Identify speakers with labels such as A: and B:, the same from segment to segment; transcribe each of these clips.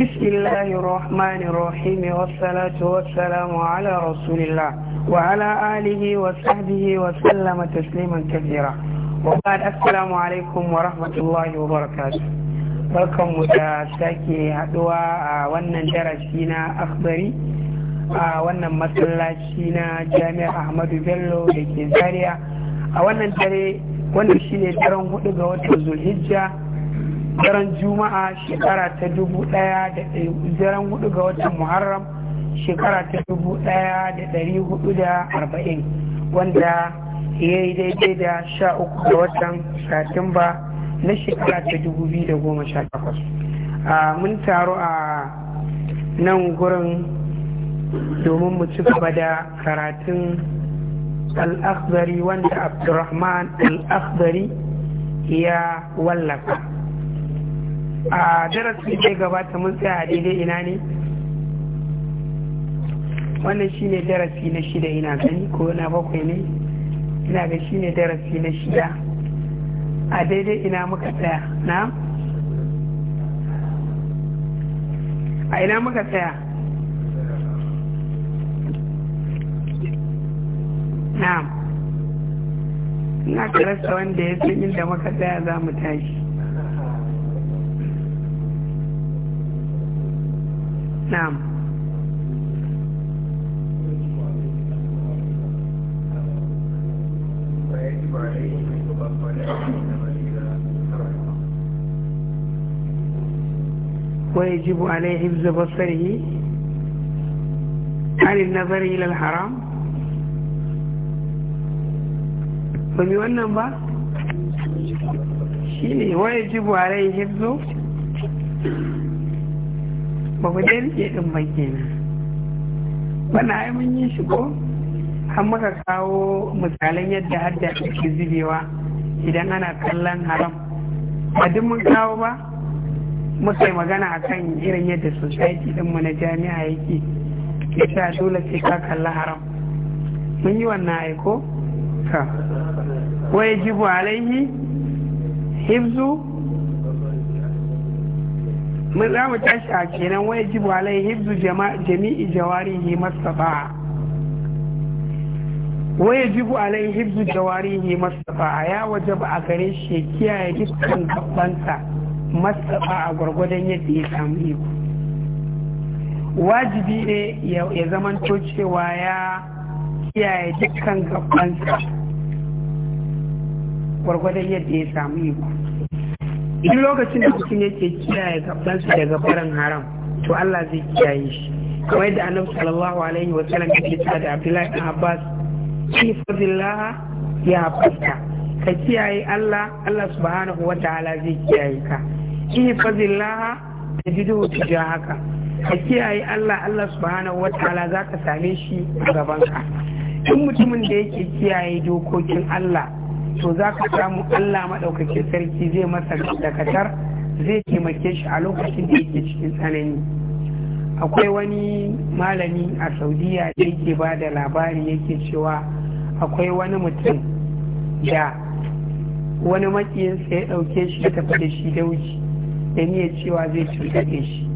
A: بسم الله الرحمن الرحيم والصلاة والسلام على رسول الله وعلى آله وصحبه وسلم تسليما كثيرا وبعد السلام عليكم ورحمة الله وبركاته barkan mu da sake haduwa a wannan darasi na a wannan masallaci na jami'ar ahmadu bello da ke zaria a wannan wanda shine daren hudu ga watan zulhijja daren juma'a shekara ta dubu ɗaya da daren hudu ga watan muharram shekara ta dubu ɗaya da ɗari hudu da arba'in wanda ya yi daidai da sha uku ga watan satumba na shekara ta dubu biyu da goma sha takwas mun taru a nan gurin domin mu ci gaba da karatun al'akhdari wanda abdurrahman al'akhdari ya wallafa a darasi da gabata mun tsaya a daidai ina ne wannan shine darasi na shida ina gani ko na bakwai ne ina ga shine darasi na shida a daidai ina muka tsaya na a ina muka tsaya na na karasta wanda ya san inda muka tsaya za mu tashi نعم ويجب عليه حفظ بصره عن النظر إلى الحرام فمي wannan ba shine wajibu alai hifzu ba mu dai rike din ba kenan wannan ai mun yi shi ko an muka kawo misalan yadda hadda ke zubewa idan ana kallon haram A duk mun kawo ba muka yi magana akan irin yadda society din mu na jami'a yake ya sa dole sai ka kalla haram mun yi wannan aiko ka
B: wai jibu alaihi
A: hibzu mun za mu tashi a kenan waya ji walai hibdu jami'i jawarihi mastafa waya ji walai hibzu jawarihi mastafa ya waje ba a gare shi kiyaye dukkan gabansa mastafa a gwargwadon yadda ya samu iko wajibi ne ya to cewa ya kiyaye dukkan gabansa gwargwadon yadda ya samu iko duk lokacin da mutum yake kiyaye gabansa daga barin haram to Allah zai kiyaye shi kamar yadda annabi sallallahu alaihi wa sallam yake cewa da Abdullahi bin Abbas shi fadillah ya fasta ka kiyaye Allah Allah subhanahu wa ta'ala zai kiyaye ka
B: shi fadillah
A: tajidu haka. ka kiyaye Allah Allah subhanahu wa ta'ala zaka same shi a gaban ka duk mutumin da yake kiyaye dokokin Allah to za ka samu Allah maɗaukake sarki zai masa dakatar zai taimake shi a lokacin da yake cikin tsanani akwai wani malami a saudiya da yake ba da labari yake cewa akwai wani mutum da wani makiyinsa ya ɗauke shi ya tafi da shi dauji da niyya cewa zai cutaɗe shi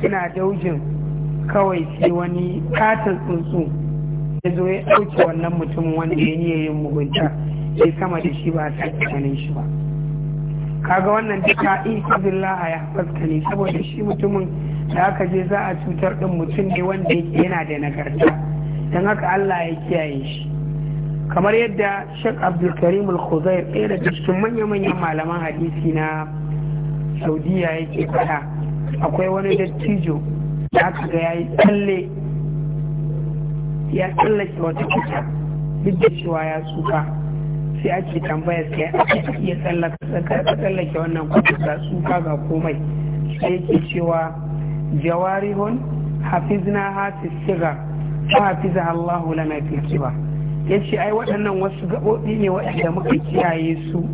A: suna daujin kawai sai wani katon tsuntsu ya zo ya ɗauke wannan mutumin wanda ya niyya yin mugunta bai sama da shi ba a tsakanin shi ba kaga wannan duka in sabillah ya ne saboda shi mutumin da aka je za a cutar din mutum ne wanda yana da nagarta don haka Allah ya kiyaye shi kamar yadda Sheikh Abdulkarim Karim Al-Khuzair ɗaya daga cikin manya-manyan malaman hadisi na Saudiya yake faɗa akwai wani dattijo da aka ga yayi tsalle ya tsallake wata kusa duk da cewa ya tsufa ce ake tambaya sai ake iya tsallake wannan kwamfuta su kaga komai sai yake cewa jawarihun hafizna hafiz shiga ta hafiza Allahu lana fil kiba ce ai waɗannan wasu gaɓoɓi ne waɗanda muka kiyaye su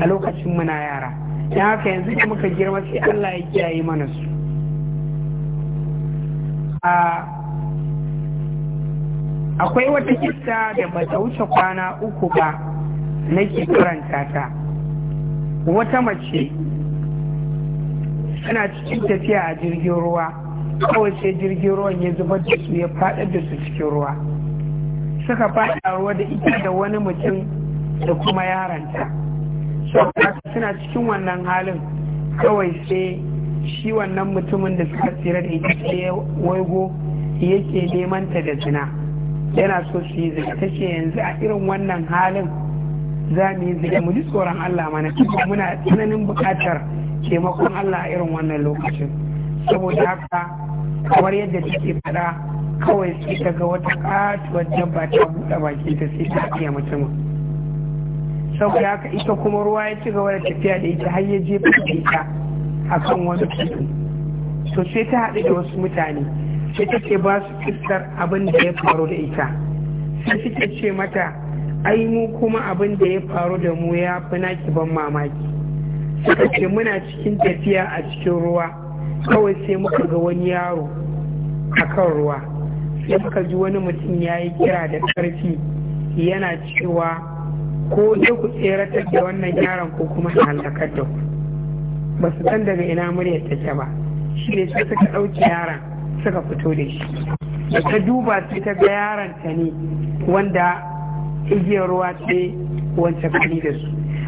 A: a lokacin muna yara ya haka yanzu da muka girma sai Allah ya kiyaye mana su akwai wata kista da bata wuce kwana uku ba nake karanta ta wata mace tana cikin tafiya a jirgin ruwa kawai sai jirgin ruwan ya zubar da su ya faɗar da su cikin ruwa suka faɗa ruwa da ita da wani mutum da kuma yaranta suna cikin wannan halin kawai sai shi wannan mutumin da suka tsira da ita sai ya waigo yake neman ta da zina yana so su yi zai ta ce yanzu a irin wannan halin za mu yi zai mu ji tsoron Allah mana muna tsananin bukatar taimakon Allah a irin wannan lokacin saboda haka kamar yadda take faɗa kawai sai ta ga wata katuwar dabba ta buɗe baki ta sai ta iya mutumin saboda haka ita kuma ruwa ya ci gaba da tafiya da ita har ya jefa ita akan wani tudu to sai ta haɗu da wasu mutane sai take ba su kistar abin da ya faru da ita sai suke ce mata ai mu kuma abin da ya faru da mu ya fi naki ban mamaki suka ce muna cikin tafiya a cikin ruwa kawai sai muka ga wani yaro a kan ruwa sai muka ji wani mutum ya yi kira da ƙarfi yana cewa ko sai ku tseratar da wannan yaron ko kuma halakar da ku ba su san daga ina muryar take ba shi ne sai suka ɗauki yaron suka fito da shi da ta duba sai ta ga yaron ta ne wanda igiyar ruwa ce wancan kani da su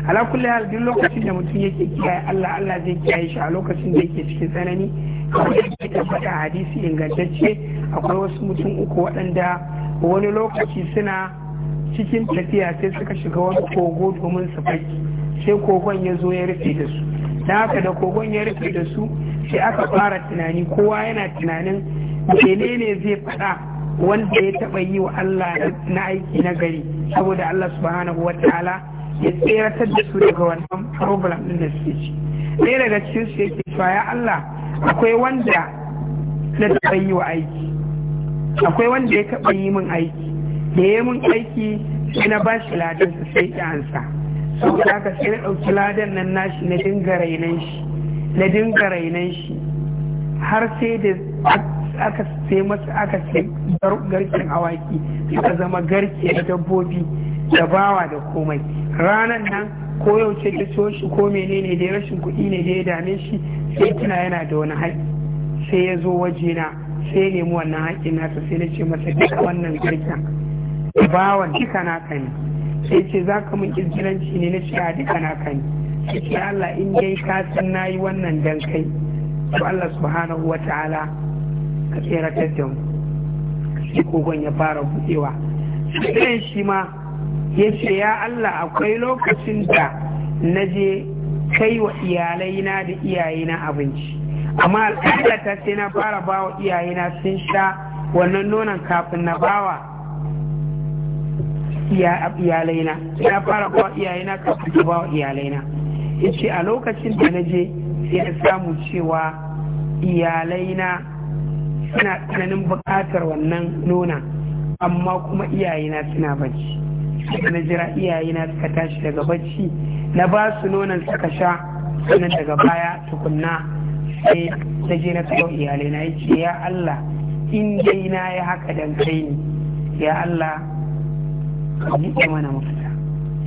A: ala kulli hal duk lokacin da mutum yake kiyaye Allah Allah zai kiyaye shi a lokacin da yake cikin tsanani
B: kamar yadda
A: ya faɗa hadisi ingantacce akwai wasu mutum uku waɗanda wani lokaci suna cikin tafiya sai suka shiga wani kogo domin su faki sai kogon ya zo ya rufe da su da haka da kogon ya rufe da su sai aka fara tunani kowa yana tunanin menene zai faɗa wanda ya taɓa yi wa Allah na aiki na gari saboda Allah subhanahu wa ta'ala ya tseratar da su daga wannan problem ɗin da suke ci ɗaya daga cikin su yake cewa ya Allah akwai wanda na taɓa yi wa aiki akwai wanda ya taɓa yi min aiki da ya yi min aiki sai na ba shi ladan sai ki ansa saboda haka sai na ɗauki ladan nan nashi na dinga rainan shi na dinga rainan shi har sai da aka sai masa aka ce garken awaki suka zama garke da dabbobi da bawa da komai ranar nan ko yau ce ta shi ko menene da rashin kuɗi ne da ya dame shi sai kina yana da wani haƙƙi sai ya zo wajena sai ya nemi wannan haƙƙin nasa sai na ce masa duka wannan garken bawa duka naka ne sai ce za ka min ƙirƙiranci ne na ce a duka naka ne sai ce Allah in dai ka san na yi wannan dankai to Allah subhanahu wa ta'ala ka tseratar da shi kogon ya fara buɗewa sai shi ma ya ce ya Allah akwai lokacin da na je kai wa iyalaina da iyayena abinci amma al'ada ta sai na fara bawa iyayena sun sha wannan nonon kafin na bawa iyalaina na fara bawa iyayena kafin na bawa iyalaina ya ce a lokacin da na je sai na samu cewa iyalaina suna tsananin bukatar wannan nuna, amma kuma iyayena suna bacci sai na jira iyayena suka tashi daga bacci na ba su nuna suka sha sannan daga baya tukunna sai na je na kawo iyalai na ce ya Allah in dai na yi haka dan kai ne ya Allah ka buɗe mana mafita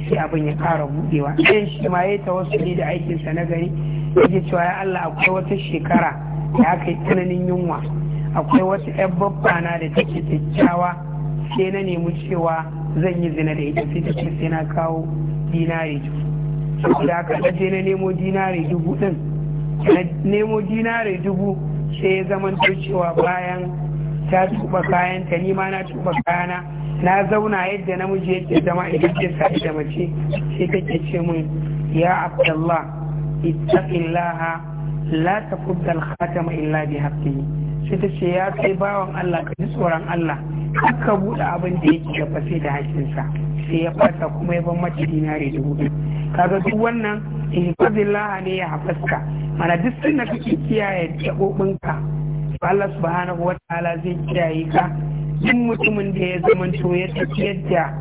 A: sai abin ya ƙara buɗewa ɗayan shi ma ya tawassuli da aikinsa na gari yake cewa ya Allah akwai wata shekara ya kai tsananin yunwa akwai wata yan na da take kyakkyawa sai na nemi cewa zan yi zina da ita sai ta ce sai na kawo dinari dubu da aka je na nemo dinari dubu din na nemo dinari dubu sai ya zama cewa bayan ta tuba kayanta ni ma na tuba kayana na zauna yadda namiji yake zama idan ke sa da mace sai take ce min ya abdullah ittaqillaha la takuddal khatama illa bi haqqihi sai ta ce ya kai bawan Allah ka ji tsoron Allah ka buɗe abin da yake gaba sai da hakinsa sai ya fasa kuma ya ban mace dinari dubu biyu kaga duk wannan laha ne ya hafaska mana duk sun da kake kiyaye ba Allah subhanahu ala zai kiyaye ka duk mutumin da ya zama to ya tafi yadda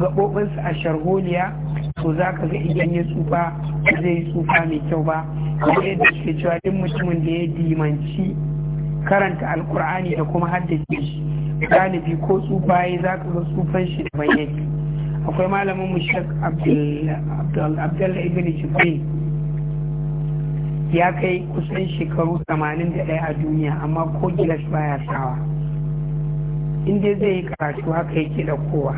A: gaɓoɓinsa a sharholiya to za ka ga idan ya tsufa zai tsufa mai kyau ba kamar yadda suke cewa duk mutumin da ya dimanci karanta alkur'ani da kuma haddace shi galibi ko tsufa ya za ka ga tsufan shi da bayyaki akwai malamin mushak abdullahi ibn jibril ya kai kusan shekaru 81 a duniya amma ko gilas baya sawa inda zai yi karatu haka yake da kowa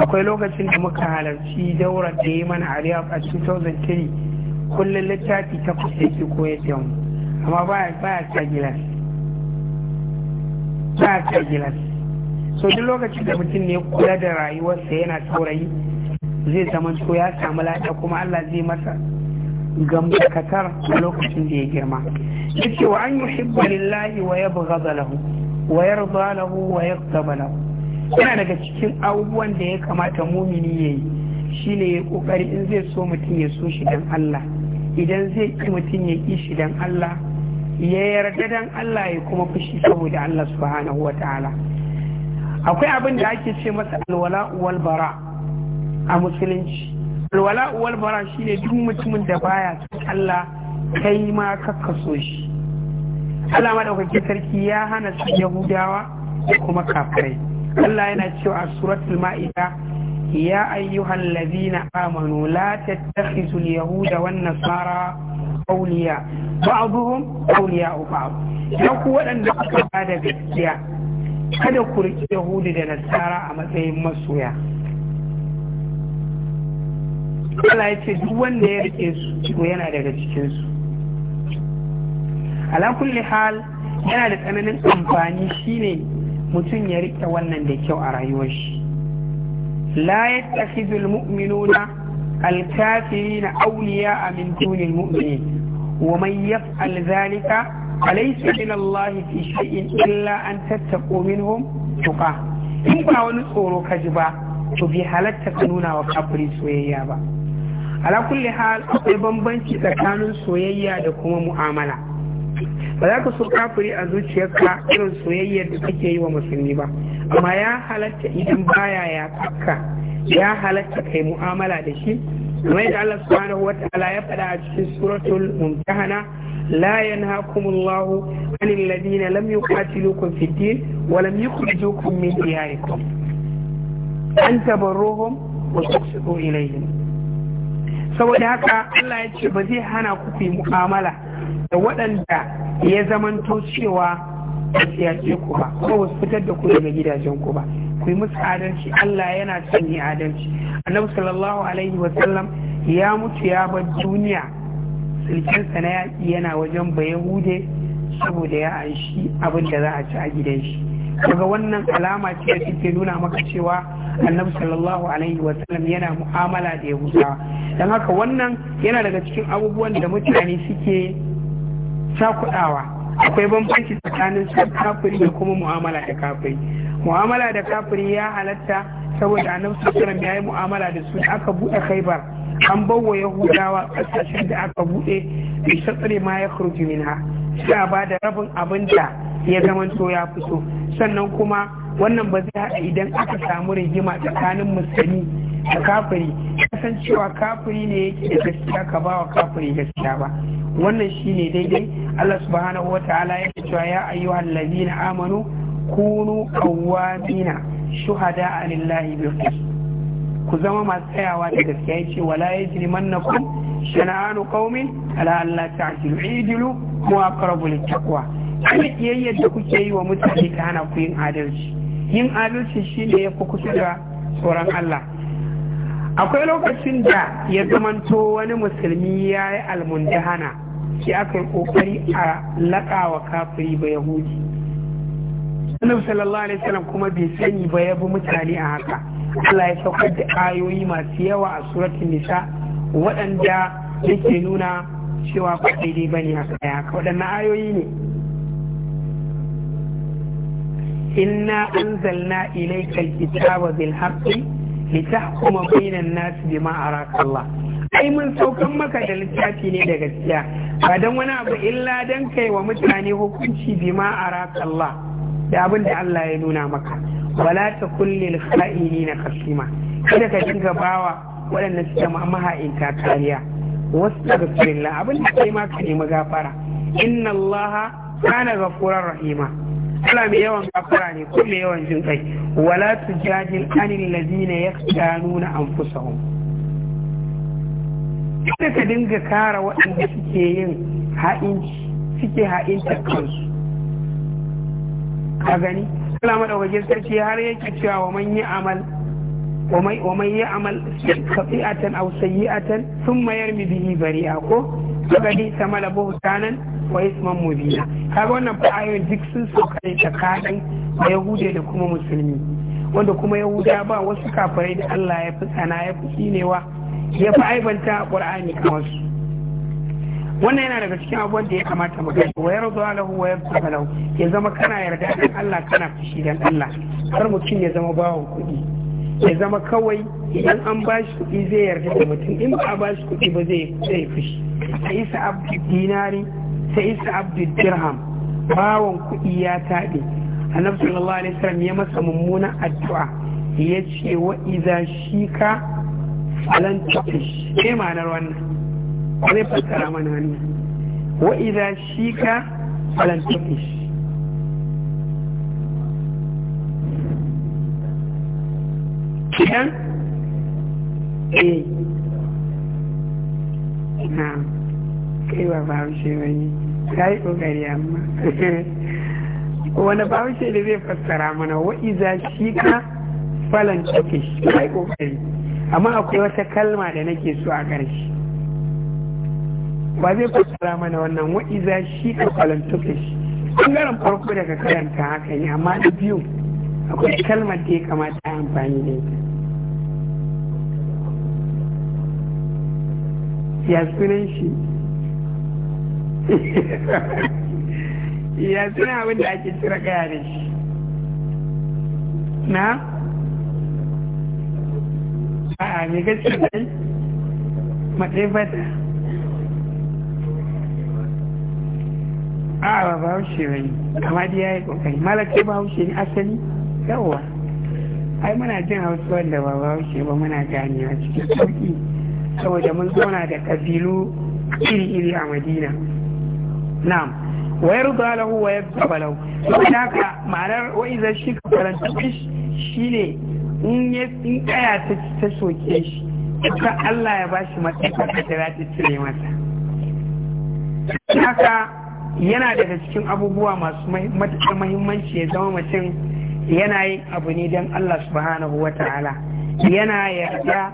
A: akwai lokacin da muka halarci daura da yi mana a riyaf a 2003 kullum littafi ta kusa ke koyar da mu amma baya baya ta gilas ba ta gilas so duk lokacin da mutum ne kula da rayuwarsa yana saurayi zai zama to ya samu lada kuma Allah zai masa gamdakatar a lokacin da ya girma yace wa an yuhibbu lillahi wa yabghadha lahu wa yarda lahu wa yaqtaba lahu yana daga cikin abubuwan da ya kamata mumini yayi shine ya kokari in zai so mutum ya so shi dan Allah idan zai ki mutum ya ki shi dan Allah ya yarda dan Allah ya kuma fushi saboda Allah subhanahu wa ta'ala akwai abin da ake ce masa alwala wal a musulunci alwala wal bara shine duk mutumin da baya son Allah kai ma ka shi Allah madaukaki sarki ya hana su Yahudawa da kuma kafirai Allah yana cewa a suratul ma'ida يا أيها الذين آمنوا لا تتخذوا اليهود والنصارى أولياء بعضهم أولياء بعض يقول أن هذا gaskiya kada ku riƙi yahudu da nasara a matsayin masoya Allah ya ce duk wanda ya riƙe su to yana daga cikinsu ala kulli hal yana da tsananin amfani shine mutum ya riƙe wannan da kyau a rayuwar shi la yattakhidhu almu'minuna alkafirina awliya'a min duni almu'minin wa man yaf'al dhalika alaysa min Allah fi shay'in illa an tattaqu minhum tuqa in ba wani tsoro ka ji ba to bi halatta ka nuna wa kafiri soyayya ba ala kulli hal akwai bambanci tsakanin soyayya da kuma mu'amala ba za ka so kafiri a zuciyarka irin soyayyar da kake yi wa musulmi ba amma ya halatta idan baya ya kakka ya halatta kai mu'amala da shi kamar da Allah subhanahu wata'ala ya faɗa a cikin suratul mumtahana la yanhaakumullahu anil ladina lam yuqatilukum fid din wa lam yukhrijukum min diyarikum an tabarruhum wa tuqsitu ilayhim saboda haka Allah ya ce ba zai hana ku yi mu'amala da waɗanda ya zamanto cewa ba ku ba ko ba fitar da ku daga gidajen ku ba ku yi musu adalci Allah yana son yi adalci annabi sallallahu alaihi wa sallam ya mutu ya bar duniya sa na yaƙi yana wajen bayahude saboda ya anshi abin da za a ci a gidan shi daga wannan alama ce da take nuna maka cewa annabi sallallahu alaihi wa sallam yana mu'amala da yahuda dan haka wannan yana daga cikin abubuwan da mutane suke cakuɗawa. akwai bambanci tsakanin kafiri da kuma mu'amala da kafiri mu'amala da kafiri ya halatta saboda annabi sallallahu ya yi mu'amala da su aka buɗe khaibar an bawa yahudawa ƙasashen da aka buɗe bi satsare ma ya kurji minha sai a bada rabin abin da ya to ya fito sannan kuma wannan ba zai haɗa idan aka samu rigima tsakanin musulmi da kafiri kasancewa kafiri ne yake da gaskiya ka ba wa kafiri gaskiya ba wannan shine daidai Allah subhanahu wa ta'ala ya ce ya ayyuhal ladina amanu kunu qawwamina shuhada lillahi bil ku zama masu tsayawa da gaskiya yace wala yajrimannakum shana'anu qaumin ala alla ta'dilu idilu huwa aqrabu lit taqwa kada kiyayyar da kuke yi wa mutane ta hana ku yin adalci yin adalci shine ya fi kusa da tsoron Allah akwai lokacin da ya zamanto wani musulmi ya yi almundahana shi aka yi kokari a laƙawa kafiri ba yahudi annabi sallallahu alaihi wasallam kuma bai sani ba ya bi mutane a haka Allah ya saukar da ayoyi masu yawa a suratul nisa waɗanda yake nuna cewa ba daidai bane a kaya waɗannan ayoyi ne inna anzalna ilayka alkitaba bil haqqi litahkuma an nas bima araka Allah ai mun saukan maka da littafi ne da gaskiya ba dan wani abu illa dan kai wa mutane hukunci bima araka Allah da abin da Allah ya nuna maka wala ta kullil na kasima kada ka dinga bawa waɗannan suke maha'inta kariya wasu daga firillah abin da kai ma ka nemi gafara inna allaha kana ghafurar rahima Allah mai yawan gafara ne ko mai yawan jin kai wala tujadil anil ladina yaqtanuna anfusahum kada ka dinga kara waɗanda suke yin ha'inci suke ha'inta kansu ka gani Allah madaukakin sarki har yake cewa wa man yi amal wa man yi amal khati'atan aw sayyi'atan thumma yarmi bihi bari'a ko sabadi samala buhtanan wa isman mubina kaga wannan fa ayoyin duk sun sauka kai ya yahude da kuma musulmi wanda kuma yahuda ba wasu kafirai da Allah ya fi tsana ya fi tsinewa ya fi aibanta a ƙur'ani kamar su wannan yana daga cikin abubuwan da ya kamata mu gani wa yarda lahu wa lahu ya zama kana yarda dan Allah kana fushi dan Allah har mutum ya zama bawan kuɗi ya zama kawai idan an ba shi kuɗi zai yarda da mutum in ba a ba shi kuɗi ba zai zai fushi sai isa abdu dinari sai isa abdu dirham bawan kuɗi ya taɓe annabi sallallahu alaihi wasallam ya masa mummunan addu'a ya ce wa idza shika falan tafish sai ma'anar wannan zai fassara mana wani wa idza shika falan tufish idan eh na kai ba bahaushe bane ka yi kokari amma wani bahaushe da zai fassara mana wa'iza shi ka falan tafish ka yi kokari amma akwai wata kalma da nake so a ƙarshe ba zai fassara mana wannan wa'iza shi a ka shi ɓangaren farko daga karanta haka ne amma na biyu akwai kalmar da ya kamata a amfani da ita ya sunan shi ya suna abin da ake cire kaya da shi na a'a me gaske dai
B: matsayin fata
A: a ba haushe ba ne amma dai ya yi kokari malaka haushe ne asali yawa ai muna jin hausa wanda ba haushe ba muna ganewa cikin sauki saboda mun zauna da kabilu iri-iri a madina na'am wayar zalahu wayar zabalau saboda haka ma'anar wa'izar shi ka faranta shi ne in ya tsaya ta soke shi ta Allah ya bashi matsayin da za ta cire masa haka yana daga cikin abubuwa masu matuƙar mahimmanci ya zama mutum yana yin abu ne don Allah subhanahu wa ta'ala yana yarda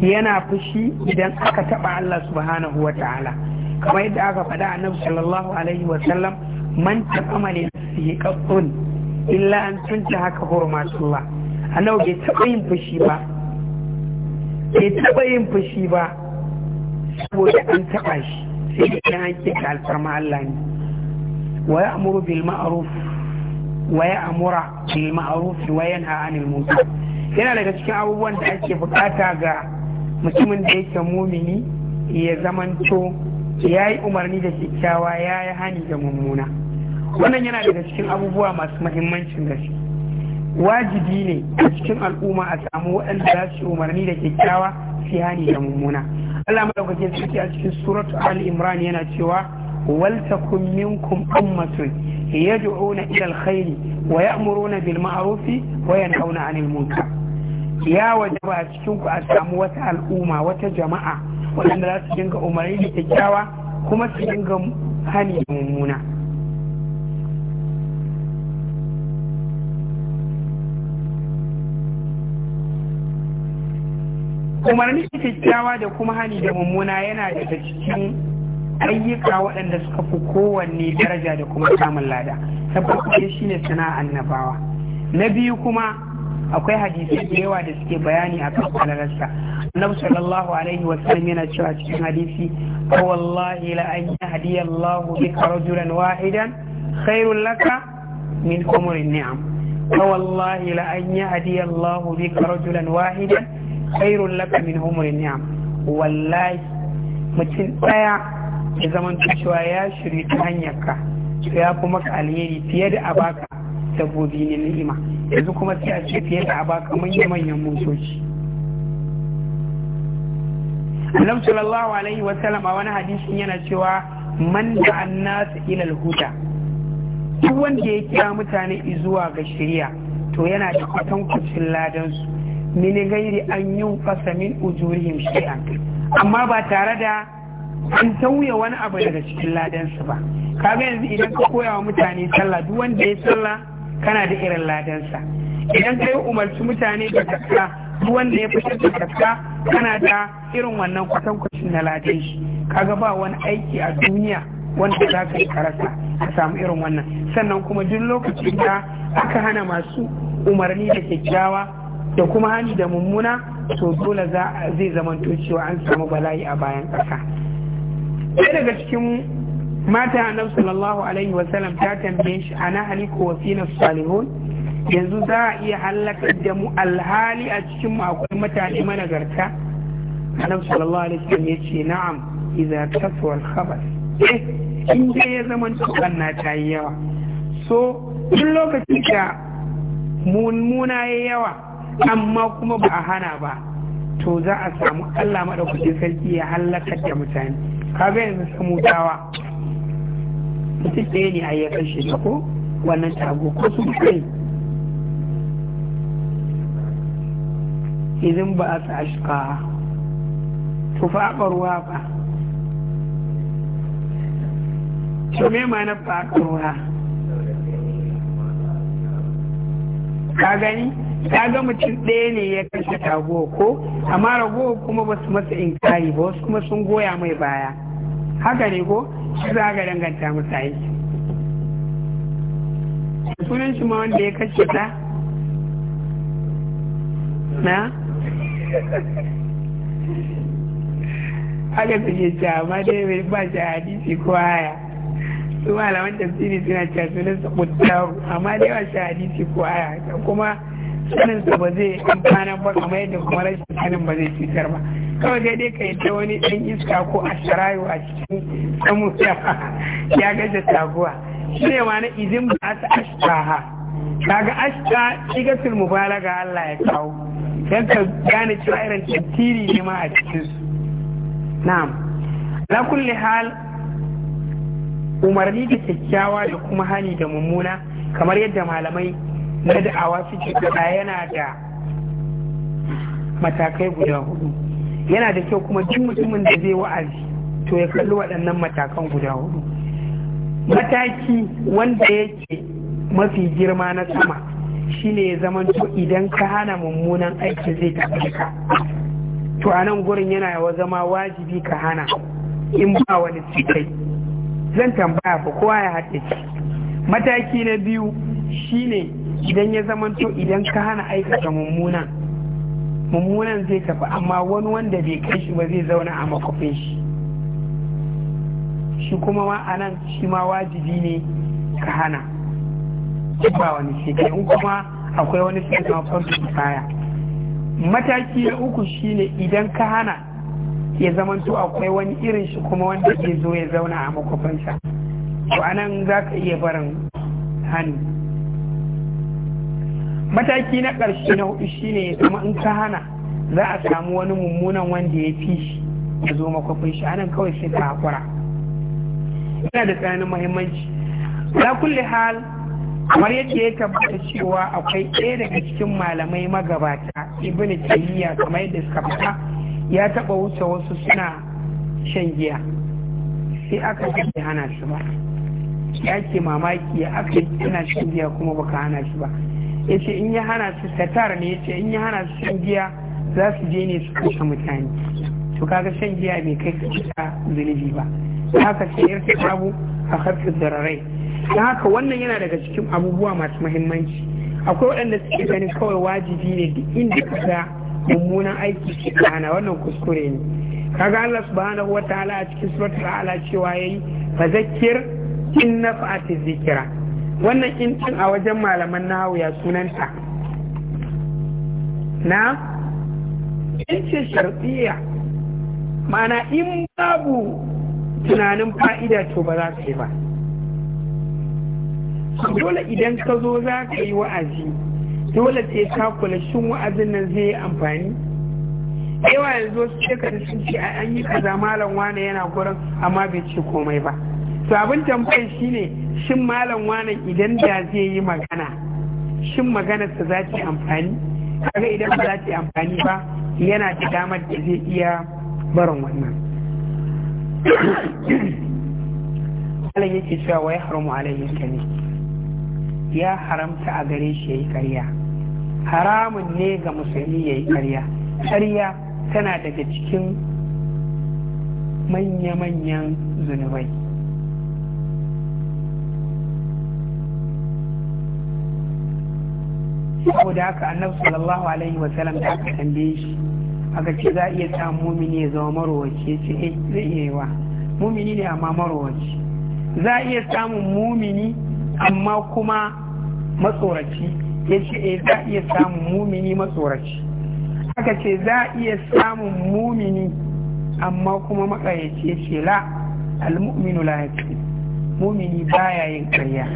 A: yana fushi idan aka taɓa Allah subhanahu wa ta'ala kamar yadda aka faɗa annabi sallallahu alaihi wa sallam man taqama su yi qattun illa an horo masu Allah annabi bai taɓa yin fushi ba bai taɓa yin fushi ba saboda an taɓa shi sai da ɗan hanki da alfarma Allah ne wa ya amuru bil ma'ruf wa ya amura bil ma'ruf yana daga cikin abubuwan da ake bukata ga mutumin da yake mumini ya zamanto ya yi umarni da kyakkyawa ya yi hani da mummuna wannan yana daga cikin abubuwa masu mahimmancin gaske wajibi ne a cikin al'umma a samu waɗanda za su umarni da kyakkyawa su hani da mummuna Allah madaukakin sarki a cikin suratu Ali Imran yana cewa wal takum minkum ummatun yad'una ila alkhair wa ya'muruna bil ma'ruf wa yanhauna 'anil munkar ya wajaba a cikin ku a samu wata al'umma wata jama'a waɗanda za su dinga umarni da kyakkyawa kuma su dinga hani mummuna umarni kyakkyawa da kuma hani da mummuna yana daga cikin ayyuka waɗanda suka fi kowanne daraja da kuma samun lada ta farko shine sana'a annabawa na biyu kuma akwai hadisai da yawa da suke bayani a kan falalarsa annabi sallallahu alaihi wa sallam yana cewa cikin hadisi ko wallahi la an yahdi Allahu bika rajulan wahidan khairul laka min umurin ni'am ko wallahi la an yahdi Allahu bika rajulan wahidan khairun laka min humri ni'am wallahi mutum daya ya zaman cewa ya shiri ta hanyar ka ya fi maka alheri fiye da abaka dabbobi ne ni'ima yanzu kuma sai a ce fiye da abaka manyan manyan motoci Allah sallallahu alaihi wa sallam a wani hadisin yana cewa man da annas ila huda duk wanda ya kira mutane zuwa ga shari'a to yana da kwatankwacin ladansu min gairi an yin fasa min ujurihim shay'an amma ba tare da an tauye wani abu daga cikin ladansu ba kaga yanzu idan ka koya wa mutane sallah duk wanda ya sallah kana da irin ladansa idan ka umarci mutane da zakka duk wanda ya fitar da zakka kana da irin wannan kwatankwacin na ladan shi kaga ba wani aiki a duniya wanda za ka yi karasa ka samu irin wannan sannan kuma duk lokacin da aka hana masu umarni da kyakkyawa da kuma hali da mummuna to dole zai zamanto cewa an samu bala'i a bayan ƙasa ɗaya daga cikin mata nan sallallahu alaihi wasallam ta tambaye shi ana haliku wa na salihun yanzu za a iya hallaka da mu alhali a cikin mu akwai mutane managarta nan sallallahu alaihi wasallam ya ce na'am idza ta al-khabar eh, in dai ya tukan na ta yi yawa so duk lokacin da mummuna ya yawa amma kuma ba a hana ba to za a samu Allah maɗaukacin sarki ya halakar da mutane kaga yanzu samutawa mutum ɗaya ne a ya kashe ko wannan tago ko su kai idan ba a sa ashka to fa ruwa ba to me ma na fa ruwa ka gani ga mutum ɗaya ne ya kashe tago ko amma ragowa kuma ba su masa inkari ba wasu kuma sun goya mai baya haka ne ko shi za ka danganta masa aiki sunan shi ma wanda ya kashe ta na haka ke ce amma dai bai ba shi hadisi ko haya su malaman tafsiri suna cewa sunan sa amma dai ba shi hadisi ko haya kuma saninsa ba zai amfana ba kamar yadda kuma rashin sanin ba zai cutar ba kawai dai dai ka ta wani ɗan iska ko a sharayu a cikin samu ya gaza taguwa shi ne ma na izin ba su ashtaha kaga ashta sigatul mubalaga Allah ya kawo dan ka gane cewa irin tantiri ne ma a cikinsu. su na'am ala kulli hal umarni da kyakkyawa da kuma hani da mummuna kamar yadda malamai na da'awa suke kada yana da matakai guda hudu yana da kyau kuma duk mutumin da zai wa'azi to ya kalli waɗannan matakan guda hudu mataki wanda yake mafi girma na sama shine ya to idan ka hana mummunan aiki zai tafi ka to a nan gurin yana yawa zama wajibi ka hana in ba wani cikai zan tambaya ba kowa ya haɗe mataki na biyu shine idan ya zamanto idan ka hana aikata mummunan mummunan zai tafi amma wani wanda bai kai shi ba zai zauna a makwafin shi shi kuma ma a nan shi ma wajibi ne ka hana ba wani shekai kai in kuma akwai wani sai zama farko kaya mataki na uku shine idan ka hana ya zamanto akwai wani irin shi kuma wanda zai zo ya zauna a makwafinsa to anan za ka iya barin hannu mataki na ƙarshe na hudu shine ya zama in ka hana za a samu wani mummunan wanda ya fi shi ya zo makwafin shi anan kawai sai ka hakura yana da tsananin muhimmanci ala kulle hal kamar yadda ya tabbata cewa akwai ɗaya daga cikin malamai magabata ibn tayyiya kamar yadda suka fita ya taba wuce wasu suna shan giya sai aka ce hana shi ba ya ke mamaki ya aka yi shan giya kuma baka hana shi ba ya ce in ya hana su satar ne ya ce in ya hana su shan giya za su je ne su kashe mutane to kaga shan giya bai kai ka cika zunubi ba haka sai yarta tabu a harkar zararai don haka wannan yana daga cikin abubuwa masu mahimmanci akwai waɗanda suke ganin kawai wajibi ne duk inda ka mummunan aiki ke kana wannan kuskure ne kaga Allah subhanahu wataala a cikin suratul a'la cewa yayi fazakkir in nafa'ati zikira wannan intin a wajen malaman nahawu ya sunanta na intin sharfiya mana in babu tunanin fa'ida to ba za ka yi ba dole idan ka zo za ka yi wa'azi dole ce ka kula shin wa'azin nan zai yi amfani yawa yanzu wasu shekaru sun ce an yi kaza malam wane yana gurin amma bai ce komai ba sabon abin tambayar shine shin malam wanan idan da zai yi magana shin maganarsa za ta yi amfani kaga idan ba za ta yi amfani ba yana da damar da zai iya barin wannan malam yake cewa wai haramu alaihi kani ya haramta a gare shi ya yi karya haramun ne ga musulmi ya yi karya karya tana daga cikin manya-manyan zunubai saboda haka annabi sallallahu alaihi wa sallam da aka tambaye shi aka ce za a iya samun mumini ya zama marowaci ya ce eh zai iya yiwa mumini ne amma marowaci za a iya samun mumini amma kuma matsoraci ya ce eh za a iya samun mumini matsoraci aka ce za a iya samun mumini amma kuma makayaci ya ce la al-mu'minu la yaqin mumini baya yin karya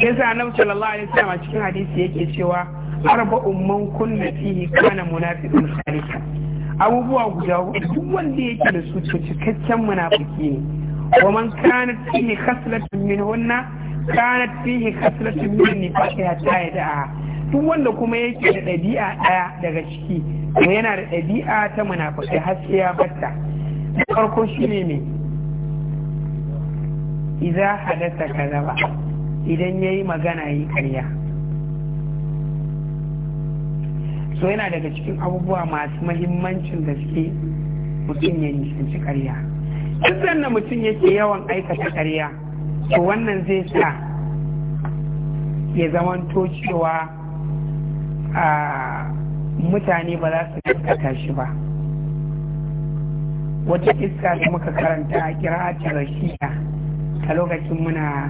A: yasa annabi sallallahu alaihi wasallam a cikin hadisi yake cewa arba'un man kunna fihi kana munafiqun salika abubuwa guda hudu duk wanda yake da su cikakken munafiki ne wa man kana fihi khaslatun min hunna kana fihi khaslatun min nifaqi hatta yada'a duk wanda kuma yake da ɗabi'a ɗaya daga ciki to yana da ɗabi'a ta munafiki har sai ya batta farko shine ne idza hadatha kadaba idan ya yi magana yi karya so yana daga cikin abubuwa masu mahimmancin da suke mutum ya nisanci karya duk da mutum yake yawan aikata karya to wannan zai sa ya zamanto cewa a mutane ba za su karkata shi ba wata iska da muka karanta a kira'atar ta a lokacin muna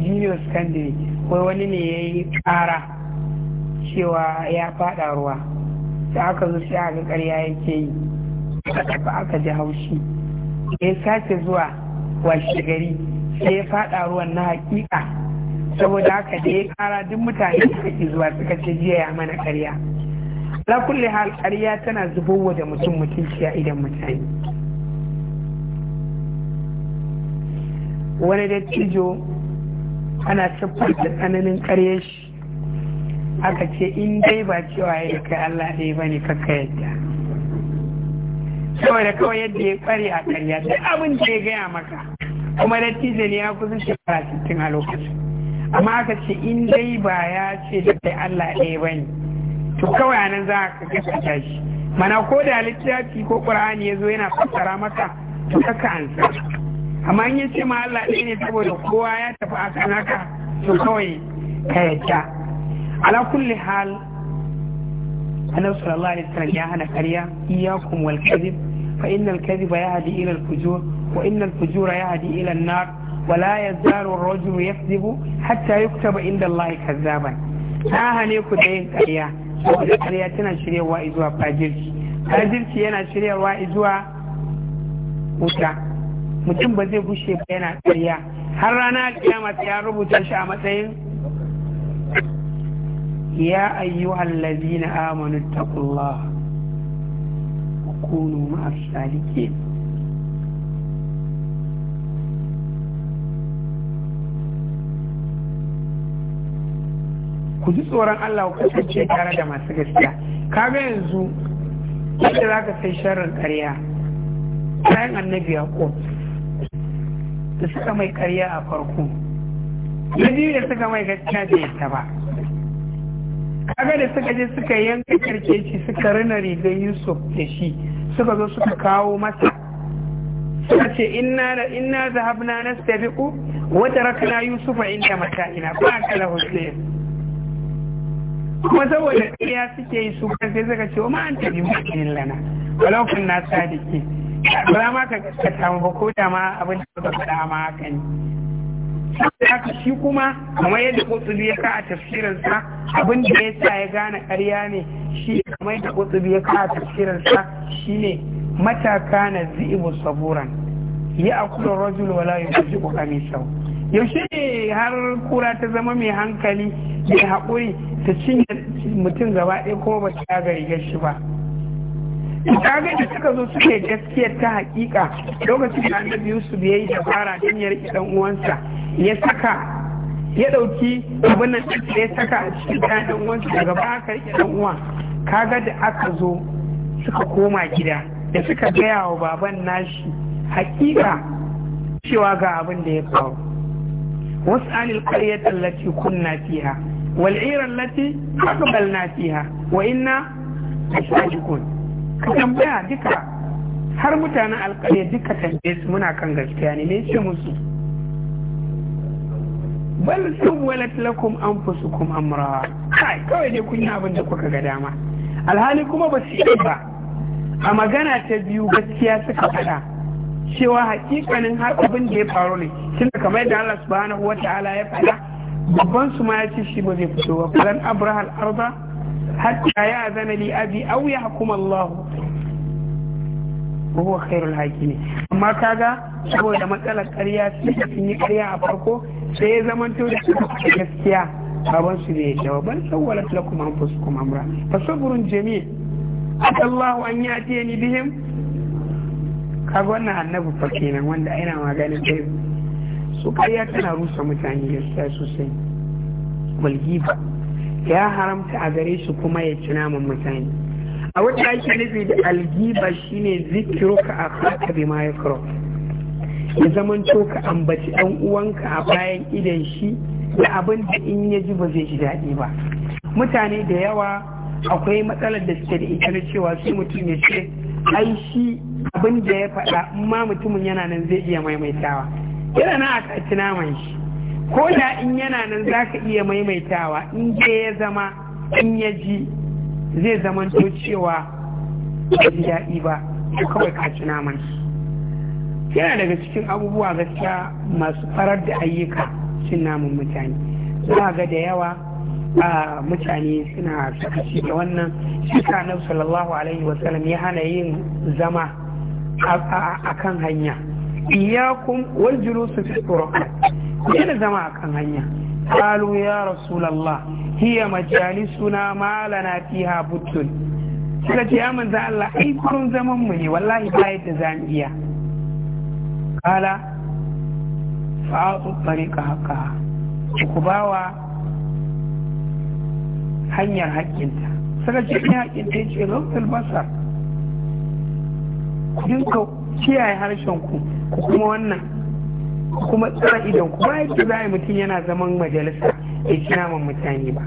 A: junior secondary wai wani ne ya yi kara cewa ya fada ruwa da aka zo sai aka karya yake yi ba aka ji haushi ya sake zuwa washe gari sai ya fada ruwan na hakika saboda haka da ya kara duk mutane suka ki zuwa suka ce jiya ya mana karya la kulli hal karya tana zubowa da mutum mutunci a idan mutane wani dattijo ana siffar da tsananin karye shi aka ce in dai ba cewa ya kai Allah ɗaya ba ne kakka yadda
B: saboda kawai yadda ya
A: kware a karya sai abin da ya gaya maka kuma da ne ya kusan shekara sittin a lokacin amma aka ce in dai ba ya ce da kai Allah ɗaya ba ne to kawai anan nan za ka gaskata shi mana ko da littafi ko ƙur'ani ya zo yana fassara maka to kakka ansa amma in yace ma Allah ɗaya ne saboda kowa ya tafi akan haka to kawai ka yadda ala kulli hal annabi sallallahu alaihi wasallam ya hana ƙarya iyyakum wal kadhib fa innal kadhiba yahdi ila al fujur wa innal fujura yahdi ila an nar ولا يزال الرجل يكذب حتى يكتب عند الله كذابا na hane ku da yin ƙarya saboda ƙarya tana shiryarwa zuwa fajirci fajirci yana shiryarwa zuwa wuta mutum ba zai gushe ba yana ƙarya har rana kiyama ya rubuta shi a matsayin ya allazi na amanu taqullah kunu ma'as ku ji tsoron Allah ku kasance tare da masu gaskiya kaga yanzu yadda za ka sai sharrin ƙarya bayan annabi ya da suka mai karya a farko na biyu da suka mai gaskiya da yadda ba kaga da suka je suka yanka shi, suka rina rigar yusuf da shi suka zo suka kawo masa suka ce inna da inna stabiku wata rakana Yusuf a inda mata'ina ba kala hussein kuma saboda ƙarya suke yi su kan sai suka ce wa ma an tabi mu'minin lana walau kunna sadiqin ba ma ka samu ba ko da ma abin da ka faɗa ma haka ne haka shi kuma kamar yadda kutsubi ya ka a tafsirinsa abin da ya sa ya gane ƙarya ne shi kamar yadda kutsubi ya ka a tafsirinsa shi ne mataka na zibu saburan ya akula rajul wala yujibu sau. yaushe ne har kura ta zama mai hankali mai haƙuri ta cinye mutum gaba ɗaya kuma ba ta ga rigar shi ba kaga da suka zo suke gaskiya ta hakika lokacin da annabi Yusuf yayi dabara don ya rike dan uwansa ya saka ya dauki abin nan da ya saka a cikin dan uwansa daga ba aka rike dan uwa kaga da aka zo suka koma gida da suka gaya wa baban nashi haƙiƙa cewa ga abin da ya faru wasu anil kun na fiya fiha wal ira allati aqbalna fiha wa ka tambaya duka har mutanen alƙarya duka tambaye su muna kan gaskiya ne mai ce musu bal sun walat lakum anfusukum amra kai kawai ne kun yi abin da kuka ga dama alhali kuma ba su yi ba a magana ta biyu gaskiya suka faɗa cewa hakikanin har abin da ya faru ne shi da kamar yadda Allah subhanahu wa ta'ala ya faɗa babban su ma ya ce shi ba zai fito ba falan abrahal arda hatta ya zana li abi aw yahkum Allah huwa khairul hakimin amma kaga saboda matsalar ƙarya sun yi ƙarya a farko sai ya zamanto da gaskiya baban su bai yadda ban sawwalat lakum anfusukum amra fa sabrun jami' Allah an yati ni bihim kaga wannan annabi fa kenan wanda ina maganin kai su ƙarya tana rusa mutane gaskiya sosai walgiba ya haramta a gare shi kuma ya ci naman mutane a wata ake nufi da algiba shine zikiro ka a haka bi ya zaman to ka ambaci ɗan uwanka a bayan idan shi da abin da in ya ji ba zai ji daɗi ba mutane da yawa akwai matsalar da suke da ita na cewa su mutum ya ce ai shi abin da ya faɗa in mutumin yana nan zai iya maimaitawa yana na a kaci naman shi ko da in yana nan za ka iya maimaitawa in je ya zama in ya ji zai zama to cewa ba ji daɗi ba ko kawai ka naman yana daga cikin abubuwa gaskiya masu farar da ayyuka cin namun mutane za ga da yawa a mutane suna sakaci da wannan shi na sallallahu alaihi wasallam ya hana yin zama a kan hanya iyakum wal su fi da zama a kan hanya qalu ya rasulullah hiya majalisuna ma lana fiha butun suka ce ya manzo Allah ai kurun zaman mu ne wallahi ba yadda za mu iya qala fa'atu tariqa haqqa ku bawa hanyar haƙƙinta suka ce ni haƙƙinta ya ce lokacin basar ku dinka kiyaye harshen ku ku kuma wannan
B: kuma tsara idan kuma yake
A: za a yi mutum yana zaman majalisa ya ci naman mutane ba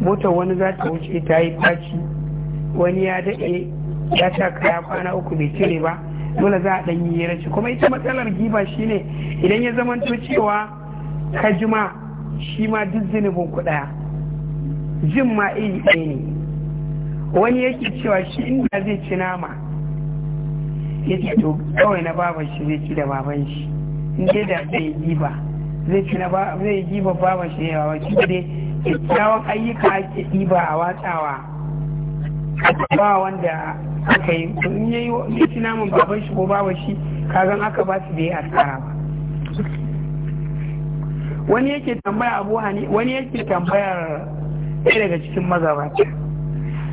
A: motar wani za ta wuce ta yi faci wani ya daɗe ya sa kaya kwana uku bai cire ba dole za a ɗan yi rashi kuma ita matsalar giba shine idan ya zamanto cewa ka jima shi ma duk zunubin ku jin ma iri ɗaya ne wani yake cewa shi inda zai ci nama ya ce to kawai na baban shi zai ci da baban shi ne da zai ba zai ci zai giba ba ba shi yawa shi dai kyakkyawan ayyuka ake ɗiba a watsawa ba wanda aka yi in ya yi ci namun baban shi ko baban shi kagan aka ba su bai asara ba wani yake tambaya abu hani wani yake tambayar ɗaya daga cikin magabata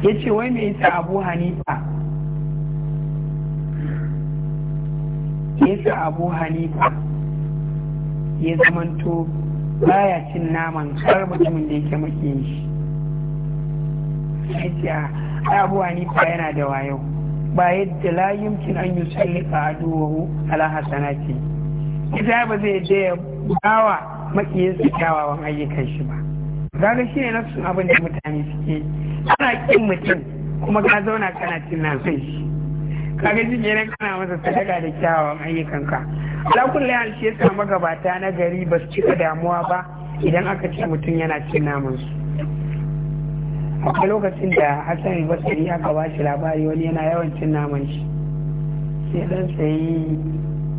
A: ya ce wai mai yasa abu hanifa yasa abu hanifa ya zamanto baya cin naman har mutumin da yake muke shi sai a abuwa ni fa yana da wayo ba yadda la yumkin an yusallika aduwahu ala hasanati ita ba zai da ya bawa su kyawawan ayyukan shi ba zaga shi ne nasu abin da mutane suke ana kin mutum kuma ka zauna kana cin nasan shi kaga jikin kana masa sadaka da kyawawan ayyukanka ala kulli hal shi yasa magabata na gari ba su cika damuwa ba idan aka ce mutum yana cin naman su akwai lokacin da hassan basari aka ba shi labari wani yana yawan cin naman shi sai dan sayi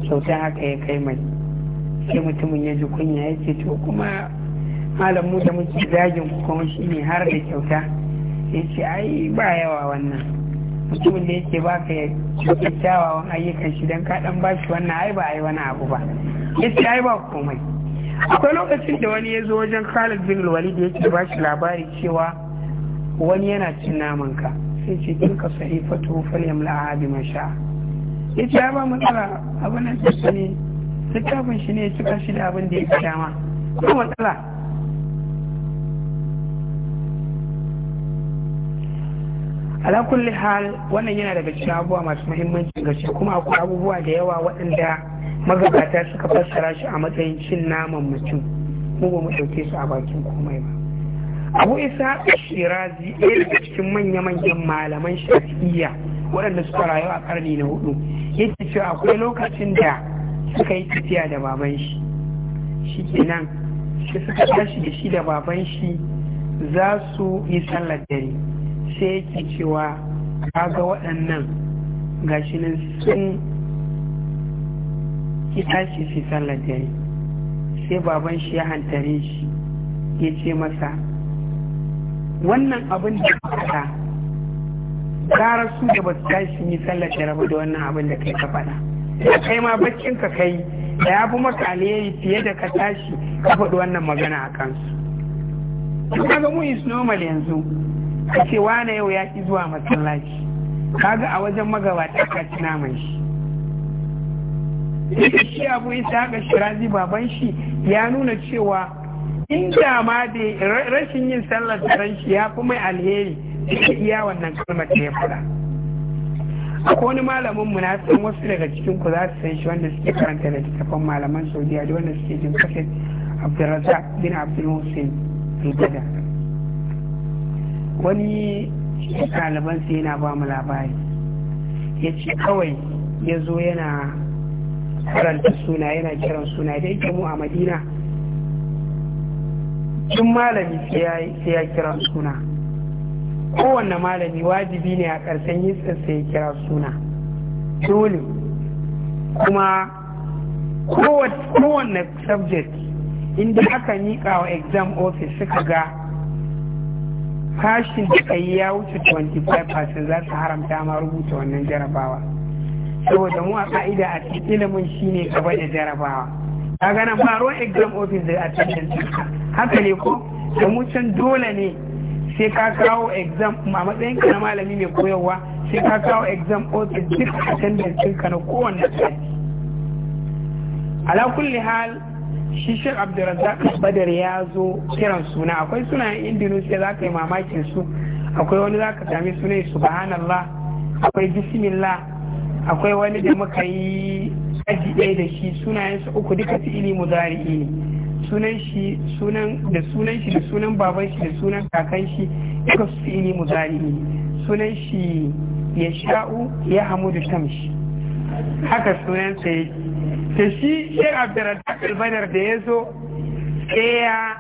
A: kyauta haka ya kai mai sai mutumin ya ji kunya ya ce to kuma malam mu da muke zagin kuma shi ne har da kyauta ya ce ai ba yawa wannan mutumin da yake baka ya cikin kyawawan ayyukan shi don kaɗan ba shi wannan ai ba ai wani abu ba ya ce ai ba komai akwai lokacin da wani ya zo wajen khalid bin walid yake ba shi labari cewa wani yana cin naman ka sai ce in ka sahi fatu fal yamla abi masha ya ce ba matsala abin da ne littafin shi ne ya cika shi da abin da ya dama ko matsala ala kulli hal wannan yana daga cikin abubuwa masu muhimmancin gaske kuma akwai abubuwa da yawa waɗanda magabata suka fassara shi a matsayin cin naman mutum mu ba mu ɗauke su a bakin komai ba abu isa shirazi ɗaya daga cikin manya-manyan malaman shafi'iyya waɗanda suka rayu a ƙarni na hudu yake cewa akwai lokacin da suka yi tafiya da baban shi shi kenan sai suka tashi da shi da baban shi za su yi sallar dare sai yake cewa kaga waɗannan gashi nan sun ki tashi shi sallar dare sai baban shi ya hantare shi ya ce masa wannan abin da ka faɗa gara su da ba su tashi yi sallar dare ba da wannan abin da kai ka faɗa kai ma bakin ka kai da ya fi maka alheri fiye da ka tashi ka faɗi wannan magana a kansu. Kaga mu is normal yanzu ka ce wane yau ya ki zuwa masallaci kaga a wajen magabata ka ci naman shi shi abu isa haka shirazi baban shi ya nuna cewa inda ma da rashin yin sallar taron shi ya fi mai alheri da iya wannan kalmar da ya fara akwai wani malamin mu na san wasu daga cikin ku za su san shi wanda suke karanta littattafan malaman saudiya da wanda suke jin kafin abdulrazak bin abdul hussein wani ɗalibansa yana ba mu labari ya ce kawai ya zo yana karanta suna yana kiran suna da yake mu a madina tun malami sai ya kira suna kowanne malami wajibi ne a ƙarshen yin sai ya kira suna dole kuma kowanne subject inda aka miƙa wa exam office suka ga fashin da kai ya wuce 25% za su haramta ma rubuta wannan jarabawa saboda mu a ka'ida a cikin ilimin shine gaba da jarabawa
B: ka gana ba exam office da attendance haka ne ko
A: da mu can dole ne sai ka kawo exam a matsayin ka na malami mai koyarwa sai ka kawo exam office duk attendance ka na kowanne sati ala kulli hal shi shek abdulrazak badar ya zo kiran suna akwai sunayen indonesia za ka yi mamakin su akwai wani za ka sami sunan subhanallah akwai bismillah akwai wani da muka yi aji ɗaya da shi sunayen su uku duka su muzari'i ne sunan shi sunan da sunan shi da sunan baban shi da sunan kakan shi duka su ilimu muzari'i sunan shi ya sha'u ya hamu da tamshi haka sunan sa yake da shi shek abdurrazak albadar da ya zo sai ya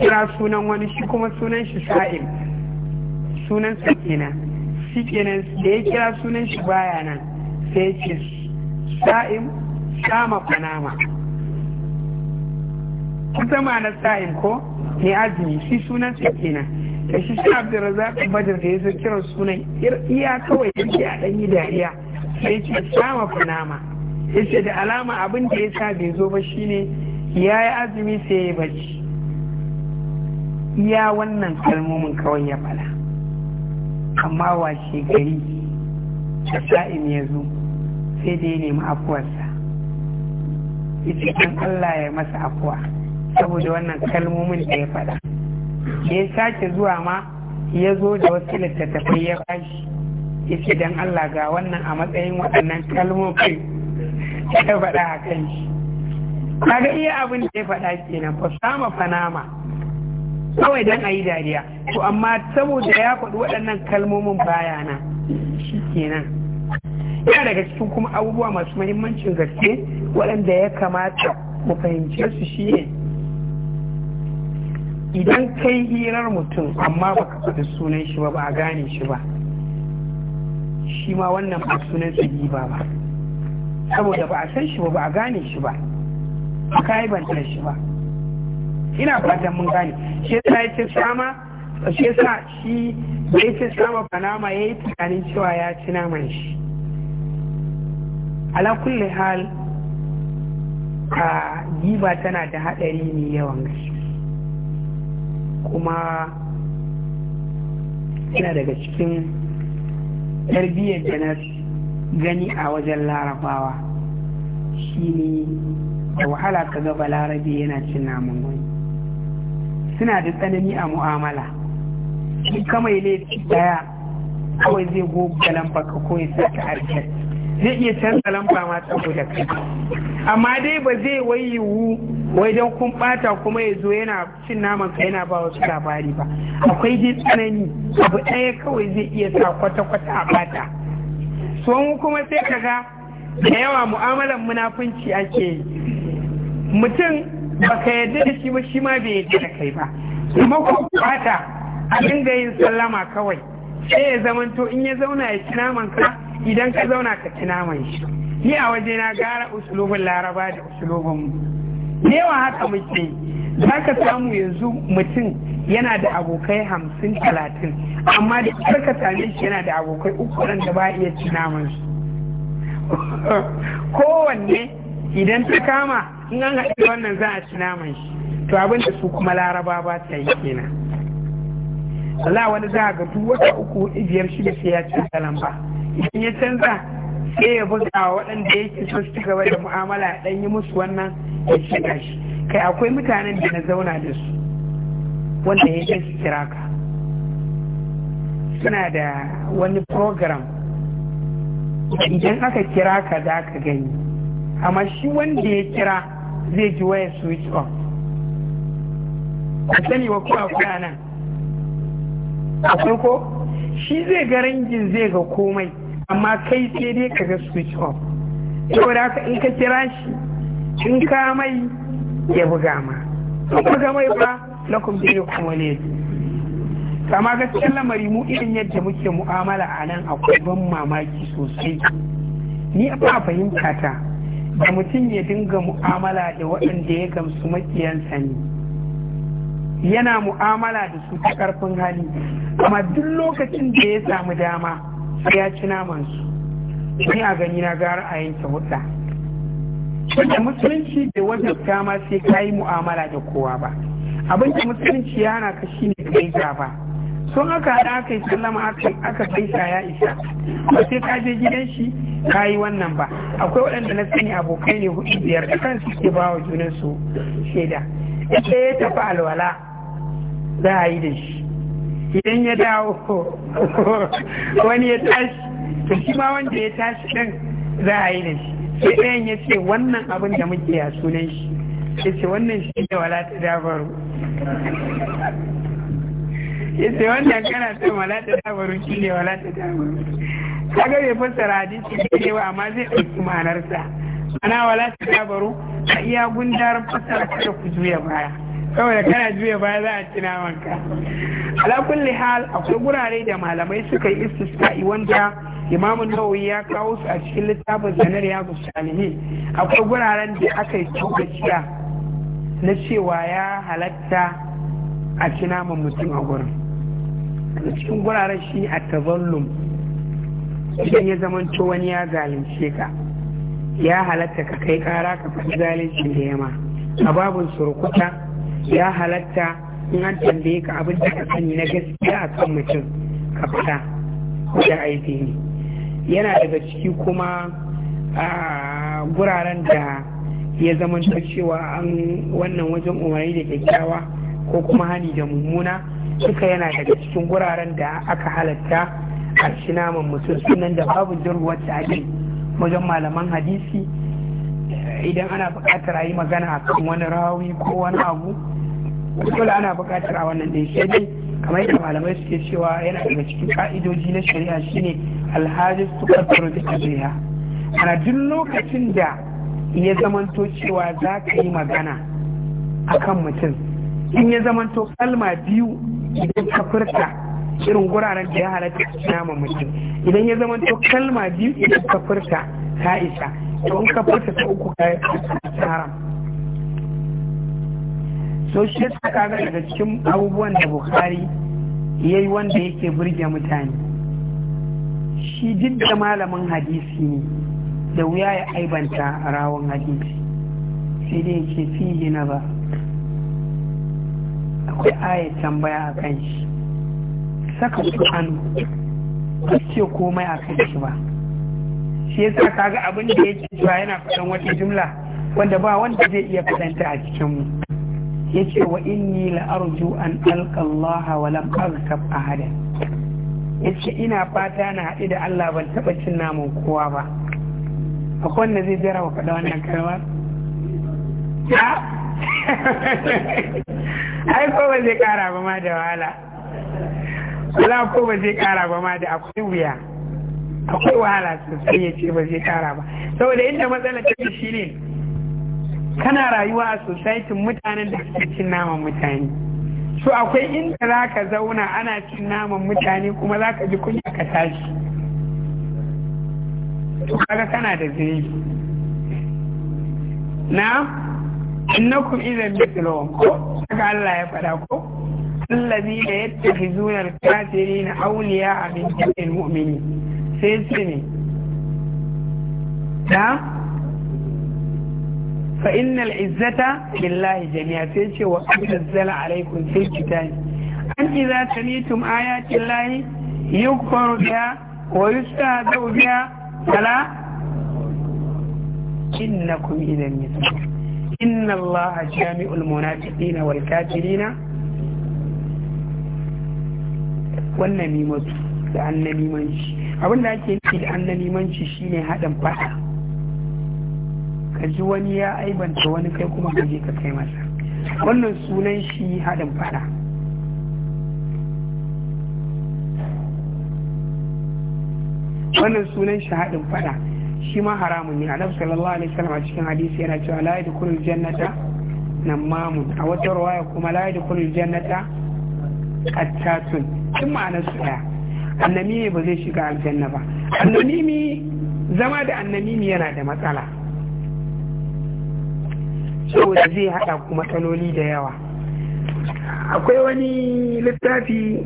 A: kira sunan wani shi kuma sunan shi sa'il sunan sa kenan shi kenan da ya kira sunan shi baya nan sai ce sa'im sama panama kusa na sa'im ko ne azumi shi sunan sa kenan da shi shi abdurrazak albadar da ya zo kiran sunan iya kawai yake a ɗanyi dariya sai ce sama panama yace da alama abin da ya sa bai zo ba shine ya yi azumi sai ya bacci Ya wannan kalmomin kawai ya fada amma washe gari da sa'in ya zo sai da ya nemi afuwarsa yace kan Allah ya masa afuwa saboda wannan kalmomin da ya fada ya sake zuwa ma ya zo da wasu littattafai ya bashi yace dan Allah ga wannan a matsayin waɗannan kalmomin Ka ya faɗa a kan shi kaga iya abin da ya faɗa kenan fa sama fanama kawai dan a yi dariya to amma saboda ya faɗi waɗannan kalmomin baya na shi kenan yana daga cikin kuma abubuwa masu mahimmancin gaske waɗanda ya kamata mu fahimce su shi ne idan kai hirar mutum amma baka faɗi sunan shi ba ba a gane shi ba shi ma wannan ba sunan sa ba saboda ba a san shi ba ba a gane shi ba ba ka bantar shi ba ina fatan mun gane shi yasa yi sama shi sa shi bai ce sama ba ma ya yi tunanin cewa ya ci naman shi ala kulli hal a giba tana da haɗari ne yawan gaske kuma yana daga cikin tarbiyyar da na gani a wajen larabawa shine da wahala ka gaba Larabe yana cin namun wani suna da tsanani a mu'amala shi kamai laifin daya kawai zai da lamba ka ko ya saka arket zai iya canza lamba ma saboda kai amma dai ba zai wu wai don kun bata kuma ya zo yana cin naman ka yana ba wasu labari ba akwai dai tsanani abu ɗaya kawai zai iya sa kwata-kwata a bata to kuma sai ka ga da yawa mu'amalan munafunci ake yi mutum ba ka yadda da shi ba shi ma bai yadda da kai ba kuma ko bata a dinga yin sallama kawai sai ya zamanto in ya zauna ya ci naman ka idan ka zauna ka ci naman shi ni a waje na gara usulubin laraba da usulubin mu Newa haka muke za ka samu yanzu mutum yana da abokai hamsin talatin amma da ka same shi yana da abokai uku nan da ba iya ci naman su kowanne idan ta kama in an haɗu wannan za a ci naman shi to abin da su kuma laraba ba ta yi kenan Allah wani za a ga duk wata uku biyar shida sai ya canza lamba idan ya canza sai ya buga waɗanda yake so su gaba da mu'amala ɗan yi musu wannan ya shiga shi kai akwai mutanen da na zauna da su wanda ya ce su kira ka suna da wani program idan aka kira ka za ka gani amma shi wanda ya kira zai ji waya switch off ka sani wa kuma akwai nan akwai ko shi zai ga rangin zai ga komai amma kai sai dai ka ga switch off saboda haka in ka kira shi in ka mai ya buga ma
B: in buga mai ba
A: na kumdiri kuma ne kama gaskiyar lamari mu irin yadda muke mu'amala a nan akwai ban mamaki sosai ni ba fahimta ta da mutum ya dinga mu'amala da waɗanda ya gamsu makiyansa ne yana mu'amala da su ta ƙarfin hali amma duk lokacin da ya samu dama ya ci naman su. ni a gani na ga a ta hudda da musulunci da wajen dama sai ka yi mu'amala da kowa ba abin da musulunci ya kashi ka gaisa ba sun aka haɗa aka yi sallama aka gaisa ya isa ba sai ka je gidan shi ka yi wannan ba akwai waɗanda na sani abokai ne hudu biyar da kansu ke ba wa junansu shaida ita ya tafi alwala za a yi da shi idan ya dawo wani ya tashi to shi ma wanda ya tashi ɗin za a yi da shi sai ɗayan ya ce wannan abin da muke a sunan shi ya ce wannan shi ne wala ta dabaru
B: ya ce wannan kana
A: son wala ta dabaru shi ne wala ta dabaru kaga bai fassara hadisi da yawa amma zai ɗauki ma'anarsa ana wala ta dabaru a iya gundar fassara kada ku juya baya da kana juya baya za a ci namanka ala kulli hal akwai gurare da malamai suka yi istisqa'i wanda Limamin nawawi ya kawo su a cikin littafin zanar ya salihin akwai guraren da aka yi tokaciya na cewa ya halatta a ci naman mutum a gurin a cikin guraren shi a tazallum idan ya zamanto wani ya zalunce ka ya halatta ka kai kara ka faɗi zalunci da yama a babin surukuta ya halatta in an tambaye ka abin da ka sani na gaskiya a kan mutum ka ko wajen aiki ne yana daga ciki kuma a guraren da ya zama cewa an wannan wajen umarni da kyakkyawa ko kuma hani da mummuna duka yana daga cikin guraren da aka halatta a naman mutum sunan da babu jirguwar ta ake wajen malaman hadisi idan ana bukatar a yi magana a kan wani rawi ko wani abu dole ana buƙatar a wannan ɗin sai dai kamar yadda malamai suke cewa yana daga cikin ka'idoji na shari'a shine alhajis tukar da kabiha ana duk lokacin da ya zamanto cewa za ka yi magana a kan mutum in ya zamanto kalma biyu idan ka furta irin guraren da ya halatta nama mutum idan ya zamanto kalma biyu idan ka furta ka to in ka furta ta uku ka haram to shi ta ga daga cikin abubuwan da bukhari ya yi wanda yake burge mutane shi duk da malamin hadisi ne da wuya ya aibanta rawon hadisi sai dai yake fiye na ba akwai ayat tambaya a kan shi saka hannu ba ce komai a kan shi ba shi ya yasa kaga abin da yake cewa yana faɗan wata jumla wanda ba wanda zai iya faɗanta a cikinmu yace wa inni la'arju an alqa Allah wa lam hada ahada yace ina fata na haɗu da Allah ban taɓa cin namun kowa ba akwai wanda zai jira wa faɗa wannan kalmar ai ko ba zai ƙara ba ma da wahala wala ko ba zai ƙara ba ma da akwai wuya akwai wahala sosai ya ce ba zai ƙara ba saboda inda matsalar ta shi ne kana rayuwa a sosaitin mutanen da suke cin naman mutane so akwai inda za ka zauna ana cin naman mutane kuma za ka ji kunya ka tashi to kaga kana da zai na innakum idan mithlum ko kaga Allah ya faɗa ko da الذين يتخذون الكافرين أولياء من sai المؤمنين ne na فإن العزة لله جميعا سيشي وأنزل عليكم في الكتاب أن إذا سميتم آيات الله يكفر بها ويستهدوا بها فلا إنكم إذا مثل إن الله جامع المنافقين والكافرين والنميمة لأن نميمة أقول لك أن نميمة شيني هذا مبحث ka ji wani ya aibanta wani kai kuma ka je ka kai masa wannan sunan shi haɗin fada wannan sunan shi haɗin fada shi ma haramun ne annabi sallallahu alaihi wasallam a cikin hadisi yana cewa la yadkhulul jannata mamun;" a wata ruwaya kuma la yadkhulul jannata attatun," kin ma'ana su daya annamimi ba zai shiga aljanna ba annamimi zama da annamimi yana da matsala saboda zai haɗa kuma taloli da yawa akwai wani littafi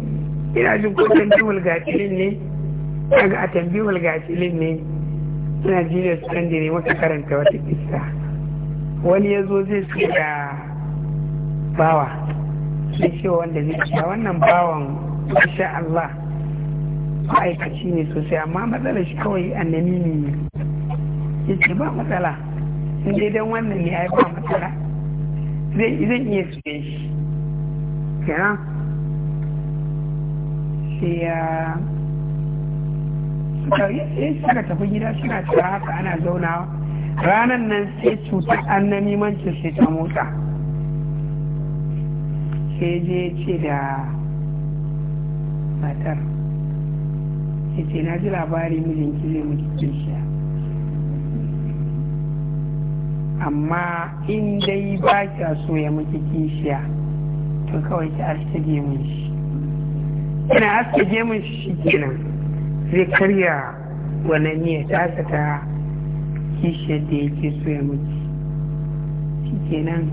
A: ina jin ko tambihul gatilin ne ga a tambihul gatilin ne ina ji da sukan ne maka karanta wata kista wani ya zo zai su da bawa sai cewa wanda zai ciya wannan bawan masha Allah ma'aikaci ne sosai amma matsalar shi kawai annani ne ya ce ba matsala in dai dan wannan ne ai matsala zai iya suke shi kira sai ya eh, suka tafi gida suna cewa haka ana zaunawa
B: ranar nan sai cutar
A: annami mancin sai ta motsa sai je ce da matar ya ce na ji labari mijinki zai mutu a. amma in dai ba kya so ya miki kishiya to kawai ki aske gemun shi ina aske gemun shi kenan zai karya wannan ya tasa ta kishiyar da yake so ya miki shi kenan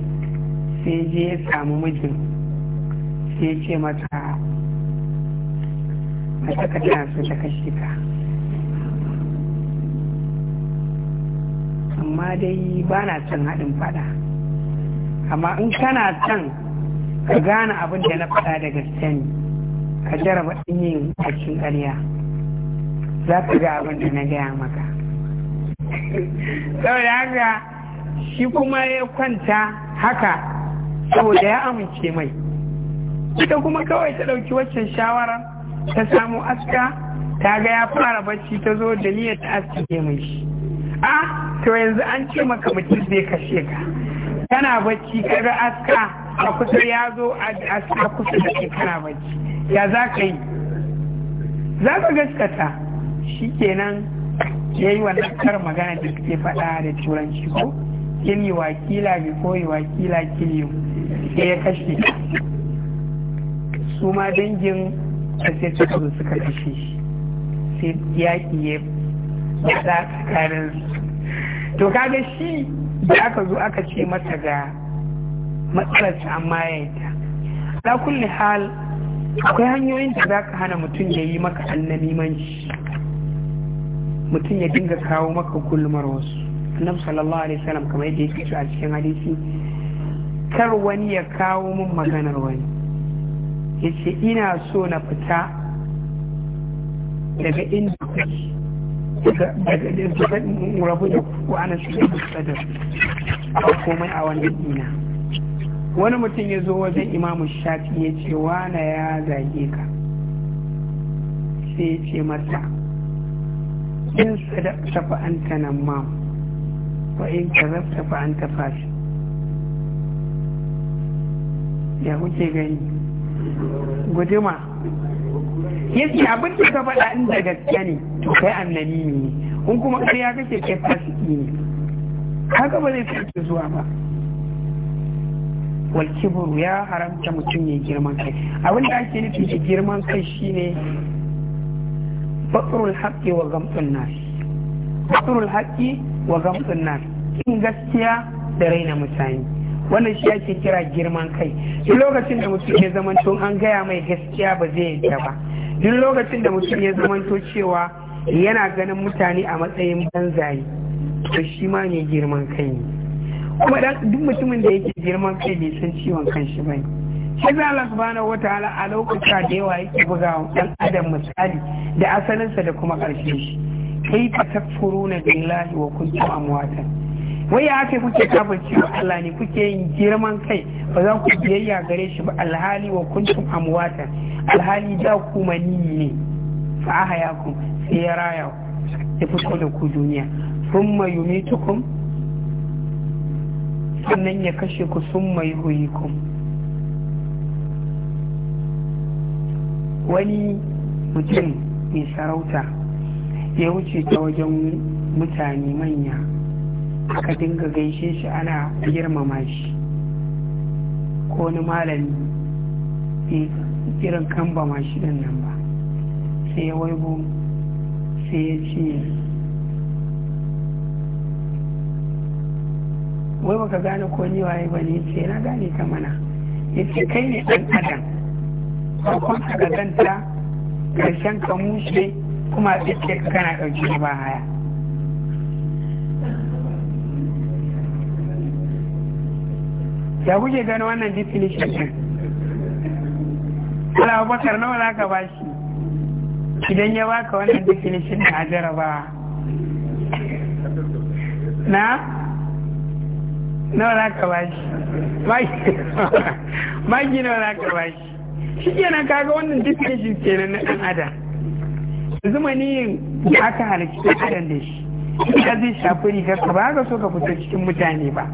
A: sai je ya samu mijin sai ya ce mata a takatar tana ta kashe ka amma dai ba na son haɗin faɗa amma in kana son ka gane abin da na faɗa da gaske ne ka jaraba yin a cikin ƙarya za ka ga abin da na gaya maka saboda haka shi kuma ya kwanta haka saboda ya amince mai ita kuma kawai ta ɗauki waccan shawarar ta samu aska ta ga ya fara bacci ta zo da niyyar ta aske mai shi ah to yanzu an ce maka mutum zai kashe ka kana bacci kaga aska a kusa ya zo a kusa da ke kana bacci ya za ka yi za ka gaskata shi kenan ya yi wannan kar magana da suke faɗa da turanci ko kini wakila before yi wakila kini sai ya kashe su ma dangin da sai suka zo suka kashe shi sai yaƙi ya tsakanin to kaga shi da aka zo aka ce masa ga matsalarsa amma ya yi ta ala kulle hal akwai hanyoyin da za ka hana mutum ya yi maka manci mutum ya dinga kawo maka gulmar wasu annabi sallallahu alaihi wasallam kamar yadda yake a cikin hadisi kar wani ya kawo min maganar wani ya ce ina so na fita daga inda kuke daga daga da suka rabu da ku ana cikin sadar a komai a wannan dina wani mutum ya zo wajen imamu shafi ya ce wana ya zage ka sai ya ce masa in sadakta fa anta nan wa in kazabta fa anta fashi ya kuke gani guduma
B: yake abin
A: da ka faɗa in da gaskiya ne to kai annabi ne in kuma ya kake kai fasiki ne haka ba zai sake zuwa ba wal kibru ya haramta mutum ya girman kai abin da ake nufi da girman kai shine fakrul haqqi wa ghamtun nas fakrul haqqi wa ghamtun nas in gaskiya da raina mutane wannan shi ake kira girman kai duk lokacin da mutum ya zama tun an gaya mai gaskiya ba zai yi ba duk lokacin da mutum ya zamanto cewa yana ganin mutane a matsayin banzaye to shi ma ne girman kai ne kuma duk mutumin da yake girman kai bai san ciwon shi ba ne shi za Allah wata wataala a lokuta da yawa yake buga wa dan adam misali da asalinsa da kuma ƙarshen shi kai ka takfuruna billahi wa kuntum amwatan wai ya ake kuke kafirci wa Allah ne kuke yin girman kai ba za ku biyayya gare shi ba alhali wa kuntum amwata alhali da ku mani ne fa ahayakum sai ya raya ku ya fito da ku duniya summa yumitukum sannan ya kashe ku summa yuhyikum wani mutum mai sarauta ya wuce ta wajen mutane manya aka dinga gaishe shi ana girmama shi ko wani malami bai irin kamba ma shi din nan ba sai ya waigo sai ya ce wai baka gane ko ni waye ba ne ce na gane ka mana ya ce kai ne dan adam farkon ka ganta karshen ka mushe kuma a tsaye ka kana ɗauke da ba haya ya kuke gani wannan definition ɗin ala bakar nawa za ka bashi idan ya baka wannan definition na jarabawa na nawa za ka bashi maki nawa za ka bashi shi kenan kaga wannan definition kenan na ɗan adam ni yin aka halarci ɗan adam da shi ita zai shafi rigar ka ba ka so ka fito cikin mutane ba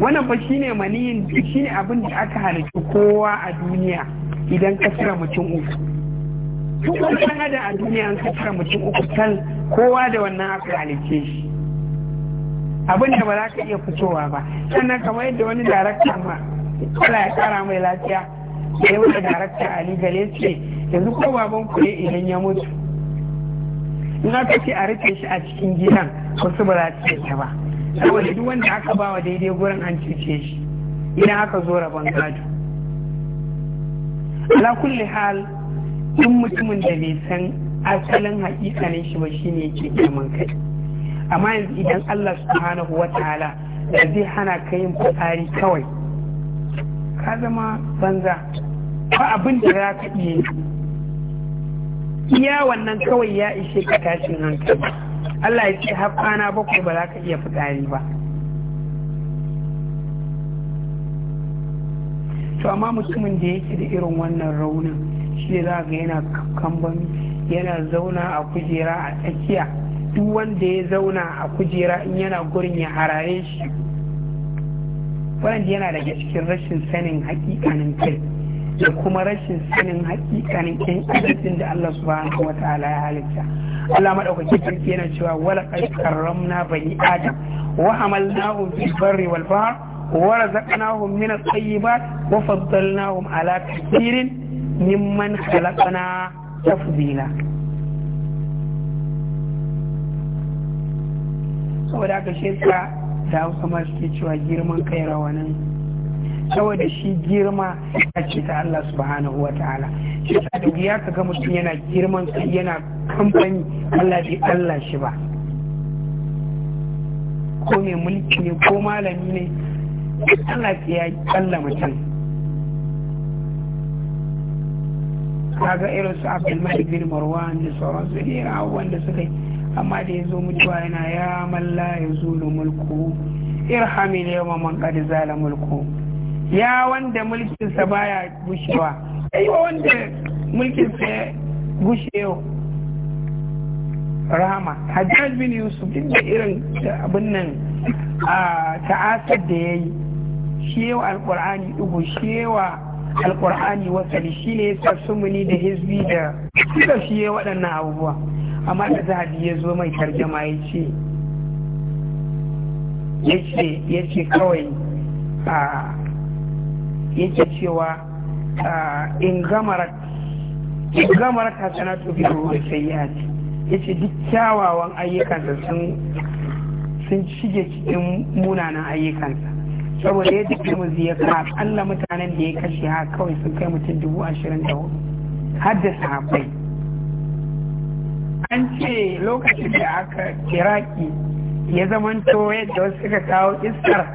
A: wannan ba shine maniyin shine abin da aka halittu kowa a duniya idan ka cire mutum uku duk wani adam a duniya an ka cire mutum uku kan kowa da wannan aka halicce shi abin da ba za ka iya fitowa ba sannan kamar yadda wani darakta ma kala ya kara mai lafiya da ya wuce darakta Ali Gale ce yanzu ko baban ku ne idan ya mutu in aka ce a rufe shi a cikin gidan wasu ba za su ta ba saboda duk wanda aka ba wa daidai gurin an cuce shi idan aka zo rabon gado ala kulli hal in mutumin da bai san asalin ne shi ba shine yake girman kai amma yanzu idan Allah subhanahu wa ta'ala da zai hana ka yin fitsari kawai ka zama banza ba abin da za ka iya iya wannan kawai ya ishe ka tashin hankali Allah ya ce har kwana bakwai ba za ka iya fitari ba to amma mutumin da yake da irin wannan raunin shi ne za ga yana kamban yana zauna a kujera a tsakiya duk wanda ya zauna a kujera in yana gurin ya harare shi wanda yana daga cikin rashin sanin hakikanin kai da kuma rashin sanin hakikanin kin adadin da Allah subhanahu wa ta'ala ya halitta Allah madaukaki sarki yana cewa wala qad karramna bani adam wa hamalnahum fil barri wal bahr wa razaqnahum min at-tayyibat wa faddalnahum ala kathirin mimman khalaqna tafdila saboda haka shi da hausa ma suke cewa girman kai rawanin da shi girma a ce ta Allah subhanahu wa ta'ala shi ta da ya ka mutum yana girman kai yana kamfani Allah bai Allah shi ba ko mai mulki ne ko malami ne Allah ya kalla mutum kaga irin su Malik bin Marwan da sauran su ne wanda da suka yi amma da ya mutuwa yana ya malla ya zulu mulku irhamil yawma man qad zala mulku ya wanda mulkinsa baya gushewa yi wa wanda mulkinsa ya yau rahama hajjaj bin yusuf duk da irin abin nan ta'asar da ya yi shi yawa alkur'ani ɗugu shi yawa alkur'ani wasali shi ne ya sumuni da hizbi da suka shi waɗannan abubuwa amma da zahabi ya zo mai tarjama ya ce ya ce kawai yake cewa ah, in gamarat in gamarat hasanatu bi ruhi yace duk kyawawan ayyukansa sun shige cikin munanan ayyukansa saboda duk kirmuzi ya ka akalla mutanen da ya kashe ha kawai sun kai mutum dubu ashirin da hudu har da an ce lokacin da aka iraki ya zamanto yadda wasu suka kawo iskar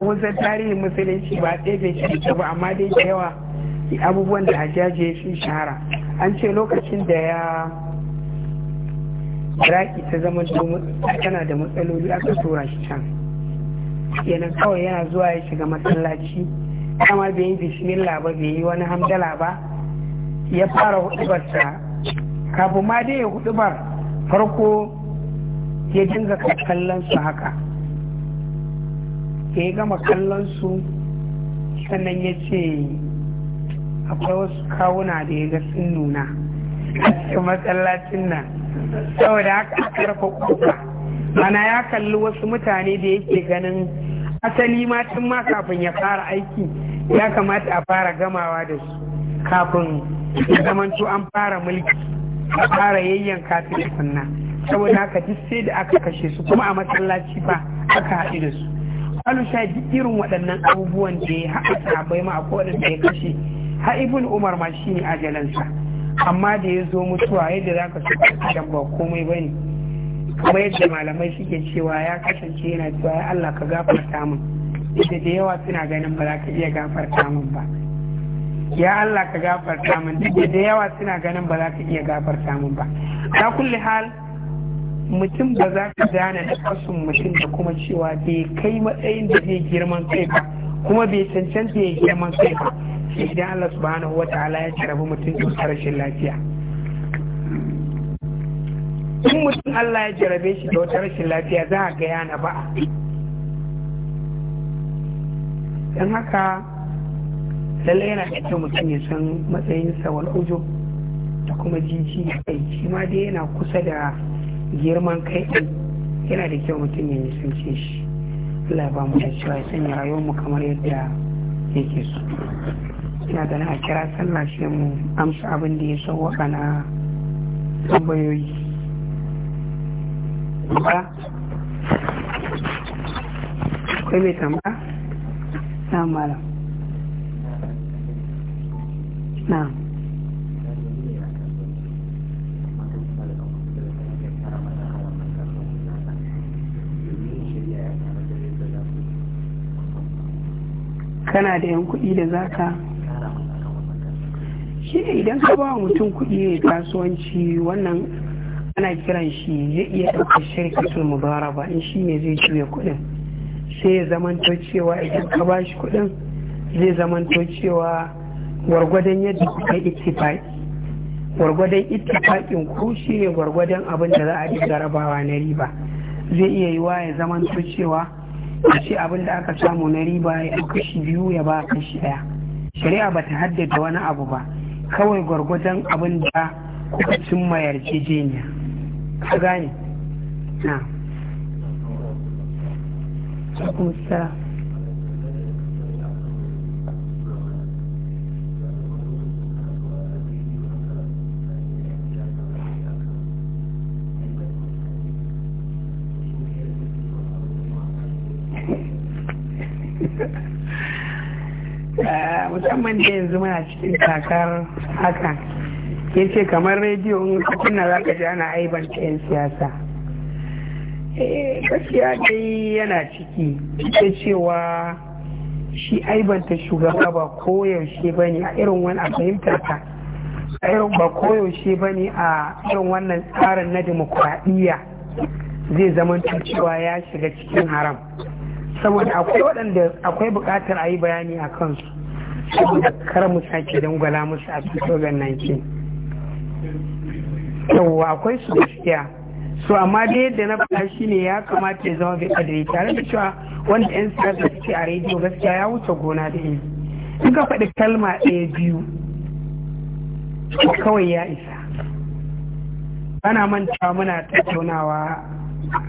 A: kusan tarihin musulunci ba ɗaya bai shi ba amma dai da yawa abubuwan da hajjaji ya shi shahara an ce lokacin da ya raki ta zama tana da matsaloli aka tura shi can kenan kawai yana zuwa ya shiga masallaci kama bai yi bismillah ba bai yi wani hamdala ba ya fara hudubarsa kafin ma dai ya hudubar farko ya dinga kallon su haka da gama kallon su sannan ya ce akwai wasu kawuna da ya ga sun nuna cikin matsalacin nan saboda haka aka karfa kuka mana ya kalli wasu mutane da yake ganin asali ma tun ma kafin ya fara aiki ya kamata a fara gamawa da su kafin zamantu an fara mulki a fara yayyan kafin sannan saboda haka duk sai da aka kashe su kuma a masallaci ba aka haɗu da su alusha duk irin waɗannan abubuwan da ya haɗa sahabbai ma a kowane da ya kashe ha ibn umar ma shi ne ajalansa amma da ya zo mutuwa yadda za ka so adam ba komai ba ne kuma yadda malamai suke cewa ya kasance yana cewa ya Allah ka gafarta min da da yawa suna ganin ba za ka iya gafarta min ba ya Allah ka gafarta min da da yawa suna ganin ba za ka iya gafarta min ba Ta kulli hal mutum ba za ka gane da kasun mutum da kuma cewa bai kai matsayin da zai girman kai ba kuma bai cancanta ya girman kai ba shi idan Allah subhanahu wa ta'ala ya jarabi mutum cutar rashin lafiya in mutum Allah ya jarabe shi da wata rashin lafiya za a ga yana ba don haka lalle yana da kyau mutum ya san matsayinsa wal da kuma jinci da kai shi ma dai yana kusa da girman kai ɗin yana da kyau mutum ya yi nisance shi Allah ba mu cewa ya sanya rayuwar mu kamar yadda yake
B: so ina ganin a kira
A: sallah shi mu amsa abin da ya sauwaka na
B: tambayoyi ba kai mai tamba na malam na
A: kana da yan kuɗi da za ka shi ne idan ka ba mutum kuɗi ne kasuwanci wannan ana kiran shi zai iya ɗaukar shirkatul ba in shi ne zai juya kuɗin sai ya to cewa idan ka ba shi kuɗin zai to cewa gwargwadon yadda kuka yi ittifaqi gwargwadon ittifaƙin ku shi ne gwargwadon abin da za a dinga garabawa na riba zai iya yiwa ya to cewa a ce abin da aka samu na riba ya kashi biyu ya ba kashi ɗaya. shari'a ba ta haddada wani abu ba kawai gwargwadon abin da kuka cimma yarjejeniya ka gane na musamman da yanzu muna cikin kakar hakan ya ce kamar rediyo in ka za ka ji ana aibar 'yan siyasa eh, gaskiya dai yana ciki ita cewa shi aibanta shugaba ba koyaushe ba ne a irin wani a fahimtar ta a irin ba koyaushe ba ne a irin wannan tsarin na demokuraɗiyya zai zama cewa ya shiga cikin haram saboda akwai bukatar akwai a yi bayani a kansu kar mu sake dangwala musu a 2019 yawwa akwai su gaskiya so amma dai yadda na faɗa shi ne ya kamata ya zama bai kadiri tare da cewa wanda 'yan da suke a rediyo gaskiya ya wuce gona da yi in ka faɗi kalma ɗaya biyu kawai ya isa ana manta muna tattaunawa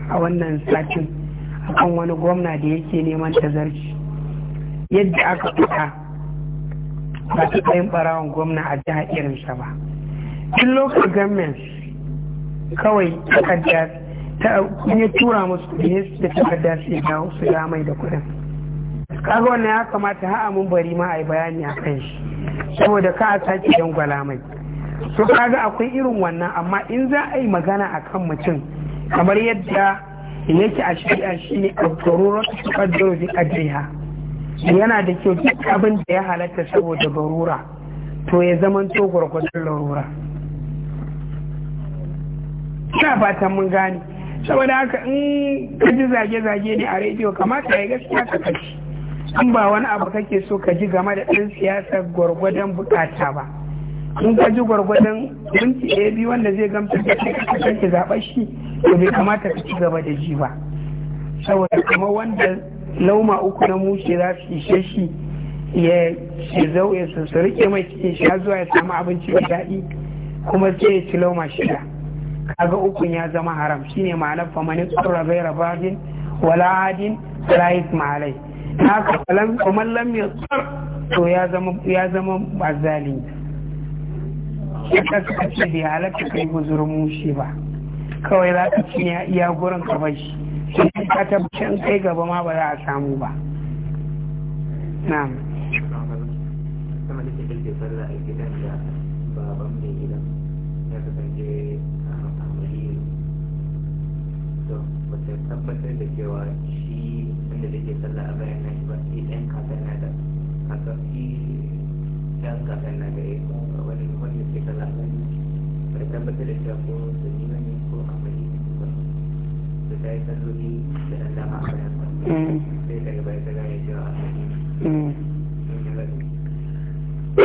A: a wannan satin akan wani gwamna da yake neman tazarci yadda aka fita ba ta ɗayan ɓarawan gwamna a jihar irinsa ba in local governments kawai takarda ta ya tura musu kuɗi da takarda su ya dawo su ya mai da kuɗin kaga wannan ya kamata ha mun bari ma a yi bayani a kan shi saboda ka a sake dangwala mai so kaga akwai irin wannan amma in za a yi magana a kan mutum kamar yadda yake a shari'a shi ne a tsoron rasu su yana da kyau duk abin da ya halatta saboda barura to ya zaman to gwargwadon larura ina fatan mun gane saboda haka in kaji zage-zage ne a rediyo kamata ya gaskiya ka kashi in ba wani abu kake so ka ji game da ɗan siyasar gwargwadon bukata ba in ka ji gwargwadon minti ɗaya biyu wanda zai gamta da ka kake shi to bai kamata ka ci gaba da ji ba saboda kuma wanda lauma uku na mushe za su ishe shi ya ce zau ya mai cikin sha zuwa ya samu abinci mai daɗi kuma sai ya ci lauma shida kaga uku ya zama haram shine ma'anar famanin tsurra bai rabadin wala adin la ismalai haka falan kuma lam ya tsar to ya zama ya zama bazalin ce bai halatta kai guzurin mushi ba kawai za ka ci iya gurin ka bar shi sai kai gaba ma ba za a samu ba na'am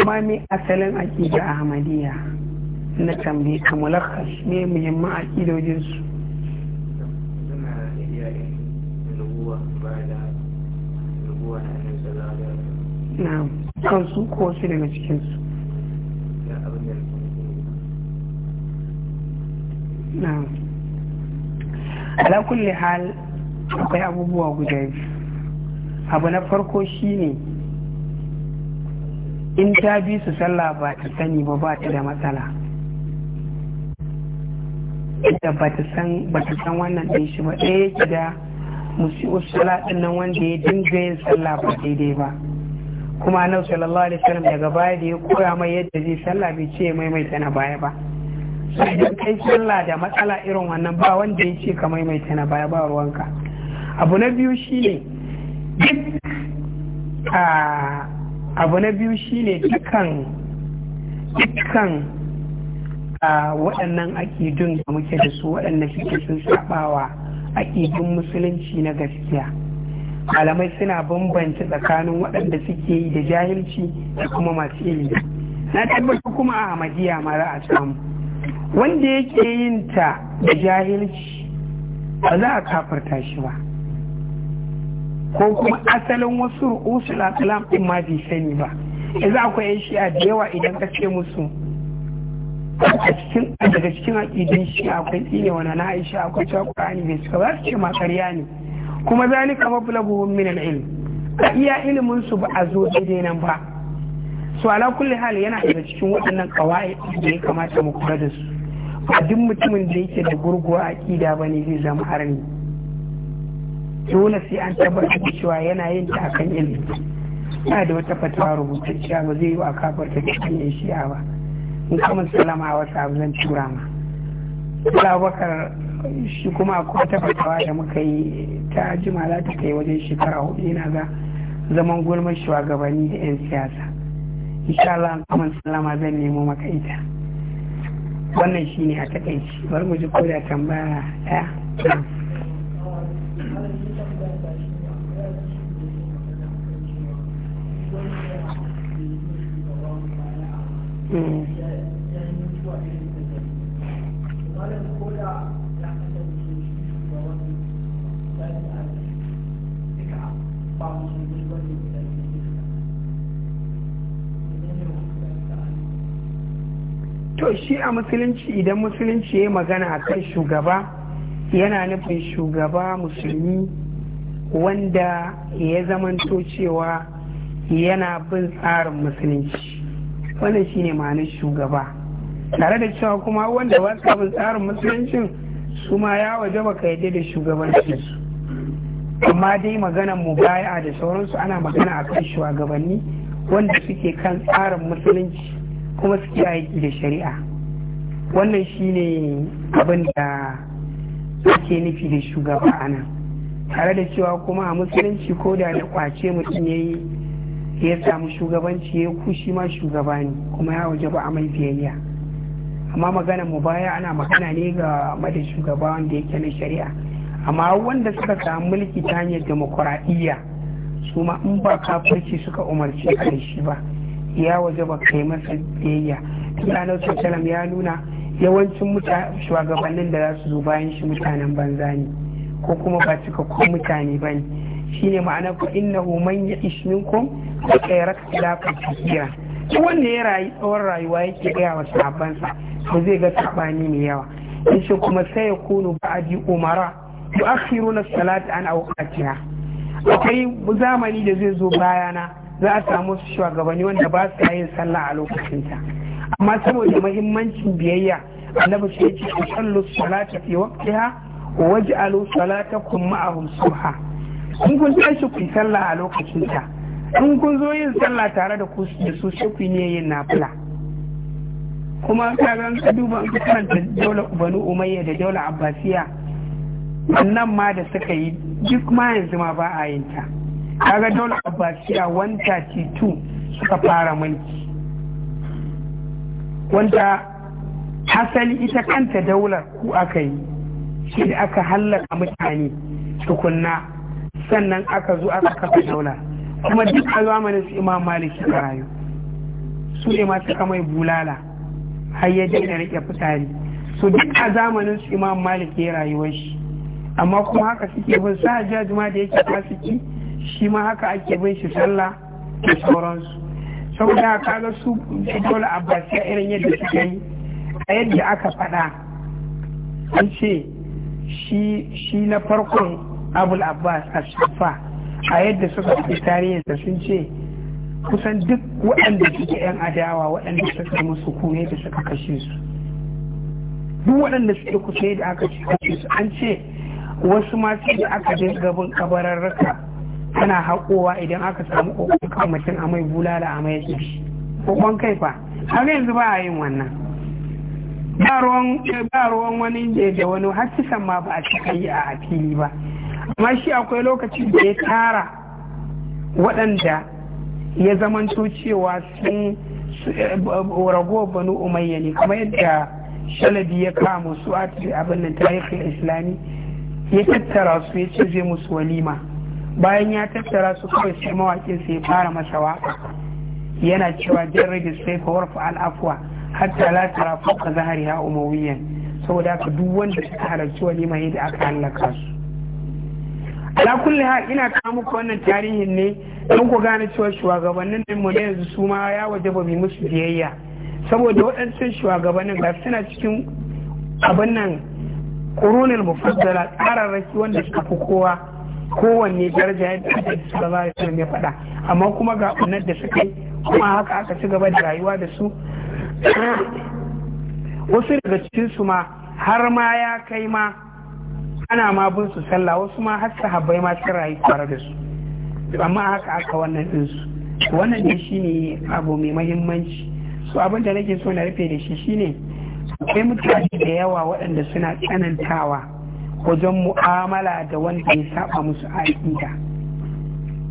A: amma me asalin aƙida ahmadiyya na tambayi, ka mulakas ne muhimman aƙidojin su kan su ko su daga cikinsu na ala kulli hal akwai abubuwa guda biyu abu na farko shine ne in ta bi su sallah ba ta sani ba ba ta da matsala da ba ta san ba ta san wannan ɗin shi ba ɗaya yake da musu sala ɗin nan wanda ya dinga yin sallah ba daidai ba kuma annabi sallallahu alaihi wasallam daga baya da ya koya mai yadda zai sallah bai ce maimaita na baya ba Sai idan kai sallah da matsala irin wannan ba wanda ya ce ka maimaita na baya ba ruwanka abu na biyu shine duk a ah, abu na biyu shine dukkan dukkan waɗannan aƙidun da muke da su waɗanda suke sun saɓawa aƙidun musulunci na gaskiya malamai suna bambanta tsakanin waɗanda suke yi da jahilci da kuma masu ilimi na tabbata kuma a hamadiya ma za a samu wanda yake yin ta da jahilci ba za a kafarta shi ba ko kuma asalin wasu na aslam din ma bai sani ba yanzu akwai yan shi'a da yawa idan ka ce musu a cikin daga cikin aƙidin shi akwai tsine wani na aisha akwai cewa qur'ani bai cika ba su ce ma karya ne kuma zalika mablaghum min al-ilm a iya ilimin su ba a zo daidai nan ba su ala kulli Hali yana daga cikin waɗannan ƙawaye da ya kamata mu kula da su ba duk mutumin da yake da gurguwa aƙida ba ne zai zama harni dole sai an tabbatar da cewa yana yin ta akan ilimi yana da wata fatawa rubutacciya ba zai yi wa kafar ta cikin yin shi'a ba in kama salama a wata abu tura ma labakar shi kuma akwai wata fatawa da muka yi ta jima za ta kai wajen shekara hudu yana ga zaman gulmar shugabanni da 'yan siyasa insha Allah an kama salama zan nemo maka ita wannan shine a takaici bari mu ji ko da tambaya ɗaya to shi a musulunci idan musulunci ya magana a kan shugaba yana nufin shugaba musulmi wanda ya zamanto cewa yana bin tsarin musulunci wannan shine ma'anar shugaba tare da cewa kuma wanda ba su tsarin musulunci su ma ya waje ba ka yadda da shugabancinsu amma dai maganan mu baya da sauransu ana magana a kan shugabanni wanda suke kan tsarin musulunci kuma suke aiki da shari'a wannan shine abin da ake nufi da shugaba a nan tare da cewa kuma a musulunci ko da da kwace mutum ya yi ya samu shugabanci ya ku shi ma shugaba ne kuma ya waje ba a biyayya amma magana mu baya ana magana ne ga mada shugaba wanda yake na shari'a amma wanda suka samu mulki ta hanyar demokuraɗiyya su ma in ba kafirci suka umarci a shi ba ya waje ba kai masa biyayya tunanin sosalam ya nuna yawancin shugabannin da za su zo bayan shi mutanen banza ne ko kuma ba cikakkun mutane ba ne shine ma'ana fa innahu man ya'ish minkum fa sayara ila kafira to wanda ya rayu tsawon rayuwa yake gaya wa sa to zai ga sabani mai yawa In shi kuma sai ya kunu ba'adi umara yu'akhiruna salata an awqatiha akwai zamani da zai zo bayana za a samu shugabanni wanda ba su yin sallah a lokacinta amma saboda muhimmancin biyayya annabi sai ya ce sallu salata fi waqtiha waj'alu salatakum ma'ahum subha in kun tashi ku sallah a lokacin ta in kun zo yin sallah tare da da su sai ku ne yin nafila kuma ka ga ka duba in karanta daula banu umayya da daula abbasiya wannan ma da suka yi duk ma yanzu ma ba a yin ta kaga daula abbasiya 132 suka fara mulki wanda hasali ita kanta daular ku aka yi shi da aka hallaka mutane tukunna sannan aka zo aka kafa daula kuma duk a zamanin su imam malik suka rayu su ne masu kamai bulala har ya daina rike fitari so duk a zamanin su imam malik ya rayuwa shi amma kuma haka suke bin sa hajjaji ma da yake fasiki shi ma haka ake bin shi sallah
B: da sauransu saboda ka
A: ga su dole ya irin yadda suka yi a yadda aka faɗa an ce shi na farkon abul abbas shafa a yadda suka fi tarihinsa sun ce kusan duk waɗanda suke 'yan adawa waɗanda suka musu kune da suka kashe su duk waɗanda suke kusa da aka kashe su an ce wasu masu da aka dinga kabarar raka ana haƙowa idan aka samu kokon kan mutum a mai bulala a mai yake ƙoƙon kai fa har yanzu ba a yin wannan ba ruwan wani da wani har ma ba a cika yi a fili ba amma shi akwai lokaci da ya tara waɗanda ya zamanto cewa sun eh, rago banu umayya ne kamar yadda shalabi ya kama su a abin nan tarihin islami ya tattara su ya ce zai musu walima bayan ya tattara su kawai sai mawakin sai ya fara masa waka yana cewa jarrabi sai fa warfa al'afwa hatta la tara zahari ha umawiyan saboda haka duk wanda suka halarci walima yadda aka halaka su ala kulle hal ina kawo muku wannan tarihin ne don ku gane cewa shugabannin din mu yanzu su ma ya waje ba mu musu biyayya saboda waɗancan shugabannin ga suna cikin abin nan kurunin mufassala tsararraki wanda suka fi kowa kowanne daraja yadda aka ji sallallahu alaihi faɗa amma kuma ga ɓannar da suka yi kuma haka aka ci gaba da rayuwa da su wasu daga cikin su ma har ma ya kai ma ana ma bin su sallah wasu ma har sahabbai ma sun rayu tare da su amma haka aka wannan din su wannan ne shine abu mai muhimmanci, so abin da nake so na rufe da shi shine akwai mutane da yawa waɗanda suna tsanantawa wajen mu'amala da wanda ya saba musu aƙida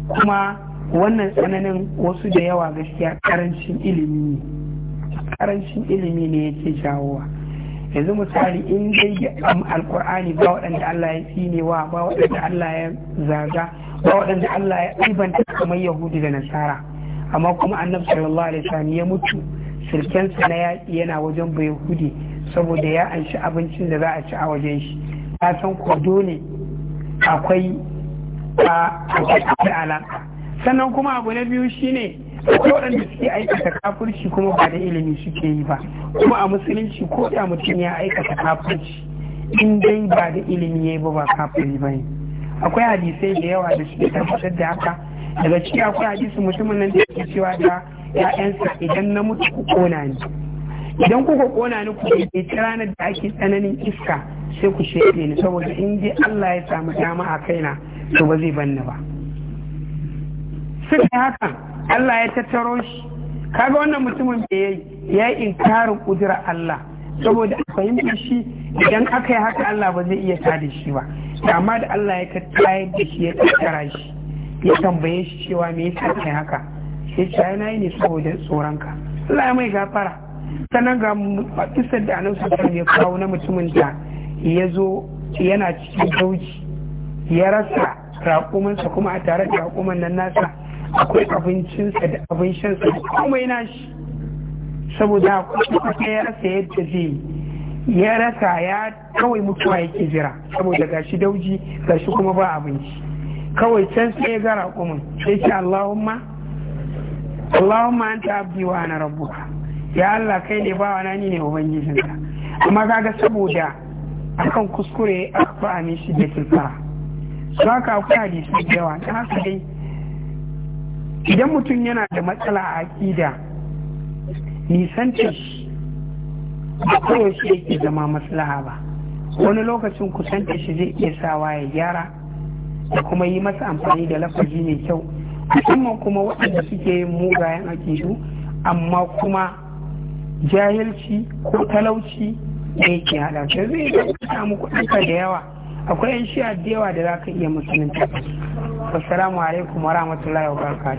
A: kuma wannan tsananin wasu da yawa gaskiya ƙarancin ilimi ne ya ilimi ne yake jawowa yanzu misali in dai alkur'ani ba waɗanda Allah ya tsinewa ba waɗanda Allah ya zaga ba waɗanda Allah ya ɗibanta kamar yahudi da nasara amma kuma annabi sallallahu alaihi wasallam ya mutu sirkensa na yaƙi yana wajen ba yahudi saboda ya anshi abincin da za a ci a wajen shi ya san ko dole akwai a alaƙa sannan kuma abu na biyu shine akwai waɗanda suke aikata kafirci kuma ba da ilimi suke yi ba kuma a musulunci ko da mutum ya aikata kafirci in dai ba da ilimi ya yi ba ba kafiri ba akwai hadisai da yawa da suke tabbatar da haka daga ciki akwai hadisi mutumin nan da yake cewa da ya'yansa idan na mutu ku kona ni idan kuka kona ni ku ta ranar da ake tsananin iska sai ku shefe ni saboda in dai Allah ya samu dama a kaina to ba zai banna ba. Sai haka Allah ya tattaro shi kaga wannan mutumin da ya ya inkarin kudura Allah saboda a fahimta shi idan aka yi haka Allah ba zai iya tada shi ba amma da Allah ya tattara da shi ya tattara shi ya tambaye shi cewa me yasa kai haka sai ce na nayi ne saboda tsoron ka Allah ya mai gafara sannan ga kisar da Annabi sallallahu ya kawo na mutumin da ya zo yana cikin dauji ya rasa raƙumansa kuma a tare da raƙuman nan nasa akwai abincinsa da abin da komai nashi saboda kuma ya rasa yadda zai ya rasa ya kawai mutuwa yake jira saboda gashi dauji gashi kuma ba abinci kawai can sai ya gara kuma sai ce Allahumma Allahumma anta abdi wa ana rabbuka ya Allah kai ne ba wani ni ne ka amma kaga saboda akan kuskure aka fa'a mishi da tilfara saka akwai hadisi da yawa ta haka dai idan mutum yana da matsala a aƙida nisantar shi ba kawai shi yake zama maslaha ba wani lokacin kusantar shi zai iya sawa ya gyara da kuma yi masa amfani da lafazi mai kyau musamman kuma waɗanda suke yin mugayen akidu amma kuma jahilci ko talauci da yake hada ta. zai samu kuɗinka da yawa akwai yan shi'a da yawa da za ka iya musulunta alaikum wa rahmatullahi wa barakatuh